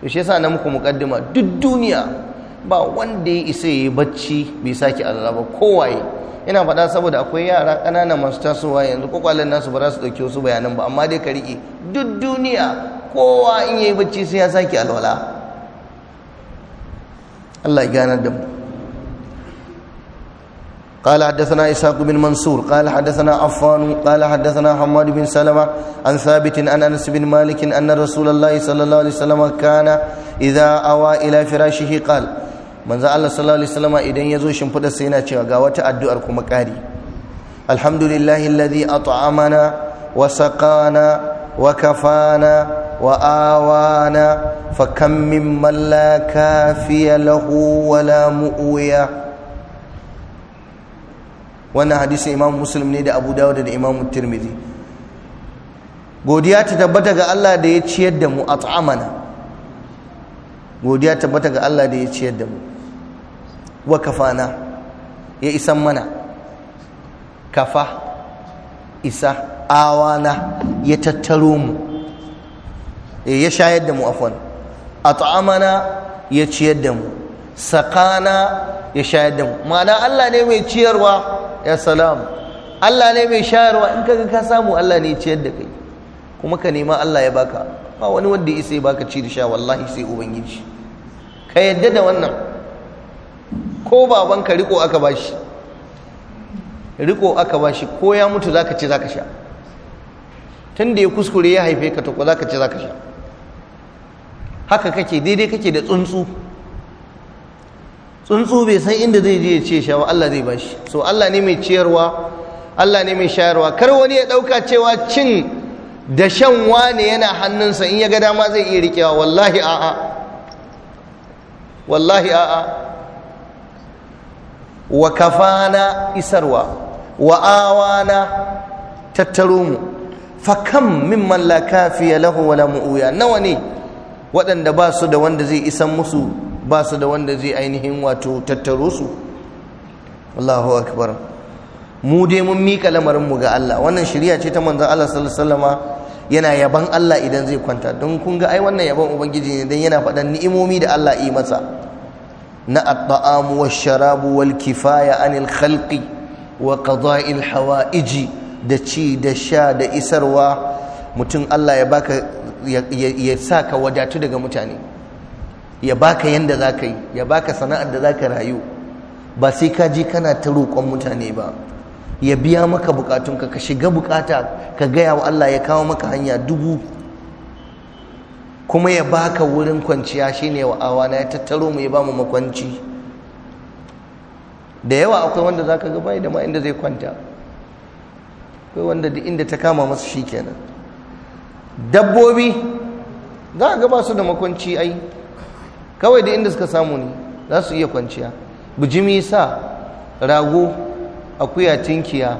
to shi yasa na muku muqaddima duk duniya ba wanda ya isa yayi bacci bai saki alwala ba kowaye ina faɗa saboda akwai yara ƙanana masu tasowa yanzu kwakwalen nasu ba za su ɗauki wasu bayanan ba amma dai ka riƙe duk duniya kowa in yayi bacci sai ya sake alwala Allah ya ganar da mu قال حدثنا إسحاق بن منصور قال حدثنا عفان قال حدثنا حماد بن سلمة عن ثابت عن أنس بن مالك أن رسول الله صلى الله عليه وسلم كان إذا أوى إلى فراشه قال من ذا الله صلى الله عليه وسلم إذن يزو شمفد السينة وقاوة أدواركم مكاري الحمد لله الذي أطعمنا وسقانا وكفانا وآوانا فكم ممن لا كافي له ولا مؤوية wannan hadisin imam muslim ne da abu dawud da imam tirmidhi godiya ta tabbata ga Allah da ya ciyar da mu at'amana godiya tabbata ga Allah da ya ciyar da mu wa kafana ya isan mana kafa isa awana ya tattaro mu Eh, ya shayar da mu afwan at'amana ya ciyar da mu sakana ya shayar da mu ma'ana Allah ne mai ciyarwa ya salam Allah ne mai shayarwa in ka ka samu Allah ne ciyar da kai kuma ka nema Allah ya baka ba wani wanda ya baka ci da sha wallahi sai ubangiji ka yadda da wannan ko baban ka riko aka bashi riko aka bashi ko ya mutu zaka ce zaka sha tun da ya kuskure ya haife ka to ko zaka ce zaka sha haka kake daidai kake da tsuntsu tsuntsu bai san inda zai je ya ce shawa Allah zai bashi so Allah ne mai ciyarwa Allah ne mai shayarwa kar wani ya dauka cewa cin da shan wane yana hannunsa in ya ga dama zai iya rikewa wallahi a'a wallahi a'a wa kafana isarwa wa awana tattaro mu fa kam mimman la kafiya lahu wala mu'uya nawa ne waɗanda ba su da wanda zai isan musu ba su da wanda zai ainihin wato tattaro su Allahu akbar mu dai mun mika lamarin mu ga Allah wannan shirya ce ta manzon Allah sallallahu alaihi yana yaban Allah idan zai kwanta don kun ga ai wannan yaban ubangiji ne dan yana faɗan ni'imomi da Allah yi masa na at-ta'am wash-sharabu wal-kifaya anil khalqi wa qada'il hawa'iji da ci da sha da isarwa mutum Allah ya baka ya sa ka wadatu daga mutane ya baka yanda za ka yi ya baka sana'ar da za ka rayu ba sai ka ji kana ta roƙon mutane ba ya biya maka bukatunka ka shiga bukata ka gaya wa Allah ya kawo maka hanya dubu kuma ya baka wurin kwanciya shine wa awana ya tattaro mu ya ba mu makwanci da yawa akwai wanda zaka ga bai da ma inda zai kwanta akwai wanda duk inda ta kama masa shikenan dabbobi za a gaba su da makwanci ai kawai da inda suka samu ne za su iya kwanciya bijimi sa rago akuya tinkiya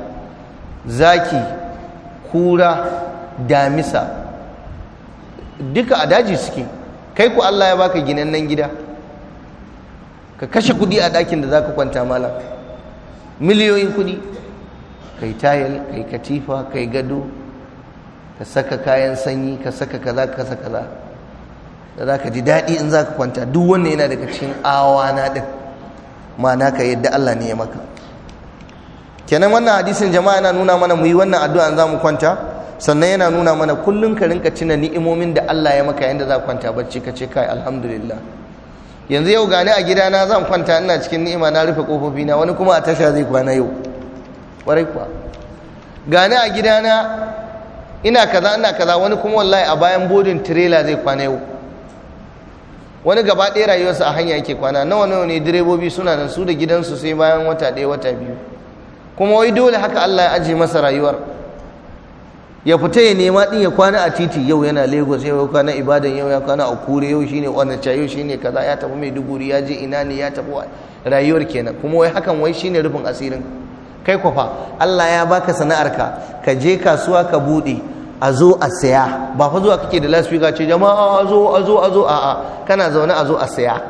zaki kura damisa duka a daji suke kai ku Allah ya baka nan gida ka kashe kudi a ɗakin da za ka kwanta malam miliyoyin kudi kai tayal kai katifa kai gado ka saka kayan sanyi ka saka kaza ka saka kaza da za ka ji daɗi in za ka kwanta duk wanda yana daga cikin awana ɗin ma'ana ka yadda Allah ne ya maka kenan wannan hadisin jama'a yana nuna mana mu yi wannan addu'a za mu kwanta sannan yana nuna mana kullum ka rinka cina ni'imomin da Allah ya maka yadda za ka kwanta bacci ka ce kai alhamdulillah yanzu yau gani a gidana zan kwanta ina cikin ni'ima na rufe kofofi na wani kuma a tasha zai kwana yau kwarai kuwa gani a gidana ina kaza ina kaza wani kuma wallahi a bayan bodin tirela zai kwana yau wani gaba ɗaya rayuwarsa a hanya yake kwana nawa nawa ne direbobi suna nan su da gidansu sai bayan wata ɗaya wata biyu kuma wai dole haka Allah ya aje masa rayuwar ya fita ya nema ɗin ya kwana a titi yau yana Lagos yau ya kwana Ibadan yau ya kwana a Kure yau shine Onitsha yau shine kaza ya tafi Maiduguri ya je ina ne ya tafi rayuwar kenan kuma wai hakan wai shine rufin asirin kai kwafa Allah ya baka sana'arka ka je kasuwa ka bude a zo a saya ba fa zuwa kake da lasfika ce jama'a a zo a zo a zo a'a kana zaune a zo a saya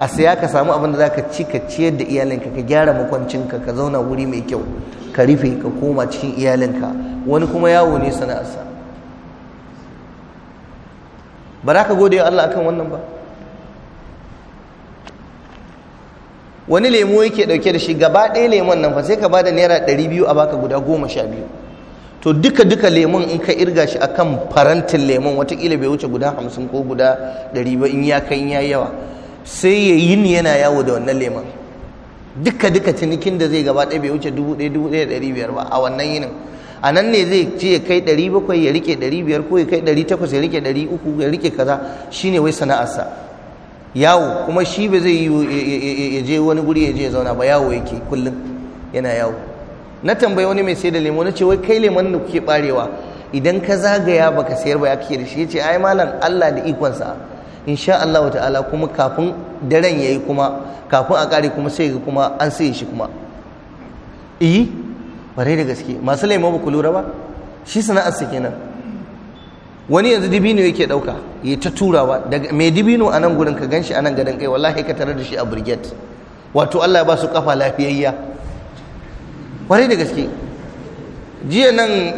a saya ka samu abin da zaka ci ka ciyar da iyalinka ka gyara makwancinka ka zauna wuri mai kyau ka rufe ka koma cikin iyalinka wani kuma yawo ne sana'arsa ba za ka gode Allah akan wannan ba wani lemu yake dauke da shi gaba ɗaya lemon nan fa sai ka ba da naira ɗari biyu a baka guda goma sha biyu to duka duka lemon in ka irga shi akan farantin lemon watakila bai wuce guda hamsin ko guda ɗari ba in ya kai ya yawa sai ya yini yana yawo da wannan lemon duka duka cinikin da zai gaba ɗaya bai wuce dubu ɗaya dubu ɗaya ɗari biyar ba a wannan yinin a nan ne zai ce ya kai ɗari bakwai ya rike ɗari biyar ko ya kai ɗari takwas ya rike ɗari uku ya rike kaza shine wai sana'arsa yawo kuma shi ba zai yi je wani guri ya je ya zauna ba yawo yake kullum yana yawo na tambayi wani mai sai da lemo na ce wai kai lemon da kuke barewa idan ka zagaya baka sayar ba ya kake da shi yace ai malam Allah da sa insha Allah ta'ala kuma kafin daren yayi kuma kafin a kare kuma sai ga kuma an sai shi kuma eh bare da gaske masu lemo ba ku lura ba shi sana'ar su kenan wani yanzu dibino yake dauka ya ta turawa daga mai dibino a nan gurin ka ganshi a nan gadon kai wallahi ka tare da shi a birget wato Allah ya ba su kafa lafiyayya kwarai da gaske jiya nan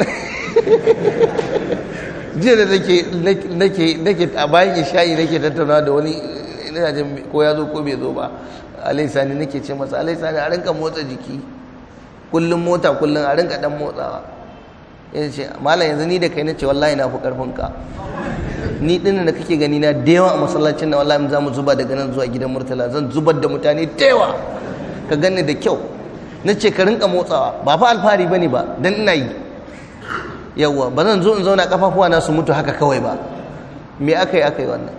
jiya da nake a bayan isha'i nake tattauna da wani ina jin ko ya zo ko bai zo ba alaisani nake ce masa alaisani a rinka motsa jiki kullum mota kullum a rinka dan motsawa yanzu ce yanzu ni da kai na ce wallahi na fi karfin ka ni din da kake gani na da yawa a masallacin na wallahi za mu zuba daga nan zuwa gidan murtala zan zubar da mutane da yawa ka gani da kyau na ce ka rinka motsawa ba fa alfahari bane ba dan ina yi yawa ba zan zo in zauna kafafuwa na su mutu haka kawai ba me aka yi aka yi wannan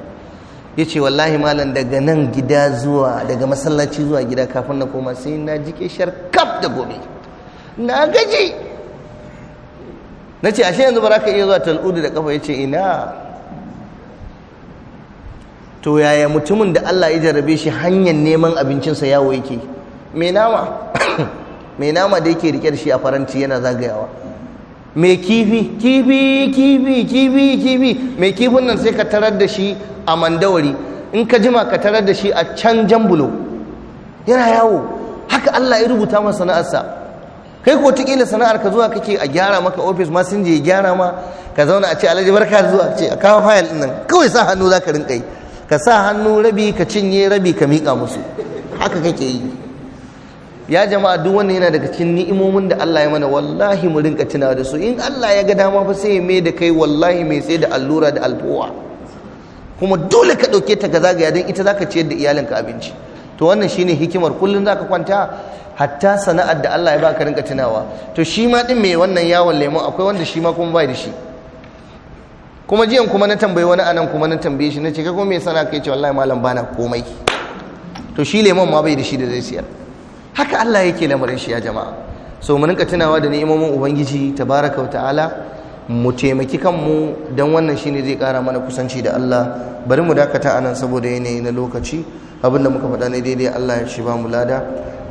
ya ce wallahi malam daga nan gida zuwa daga masallaci zuwa gida kafin na koma sai na jike kaf da gobe na gaji na ce ashe yanzu ba za ka iya zuwa tal'udu da kafa ya ce ina to yaya mutumin da Allah ya jarabe shi hanyar neman abincinsa yawo yake mai nama mai nama da yake rike da shi a faranti yana zagayawa mai kifi kifi kifi kifi kifi mai kifin nan sai ka tarar da shi a mandawari in ka jima ka tarar da shi a can jambulo yana yawo haka Allah ya rubuta masa sana'arsa kai ko tikila sana'ar ka zuwa kake a gyara maka ofis ma sun je gyara ma ka zauna a ce alhaji barka da zuwa ce a kawo fayil din nan kawai sa hannu za ka rinka yi ka sa hannu rabi ka cinye rabi ka miƙa musu haka kake yi ya jama'a duk wannan yana daga cikin ni'imomin da Allah ya mana wallahi mu rinka tunawa da su in Allah ya ga dama fa sai ya mai da kai wallahi mai sai da allura da alfowa kuma dole ka ɗauke ta ga zagaya don ita zaka ciyar da iyalinka abinci to wannan shine hikimar kullun zaka kwanta hatta sana'ar da Allah ya ba ka rinka tunawa to shi ma din mai wannan yawon lemo akwai wanda shi ma kuma bai da shi kuma jiyan kuma na tambayi wani anan kuma na tambaye shi na ce kai kuma me sana'a kai ce wallahi malam bana komai to shi lemon ma bai da shi da zai siyar haka Allah yake lamarin shi ya jama'a so mu rinka tunawa da ni'imomin ubangiji tabaraka wa ta'ala mu taimaki kanmu don wannan shine zai kara mana kusanci da Allah bari mu dakata anan saboda yanayi na lokaci abinda muka faɗa ne daidai Allah ya shi ba mu lada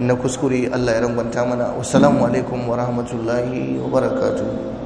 na kuskure Allah ya rangwanta mana wassalamu alaikum wa rahmatullahi wa barakatu.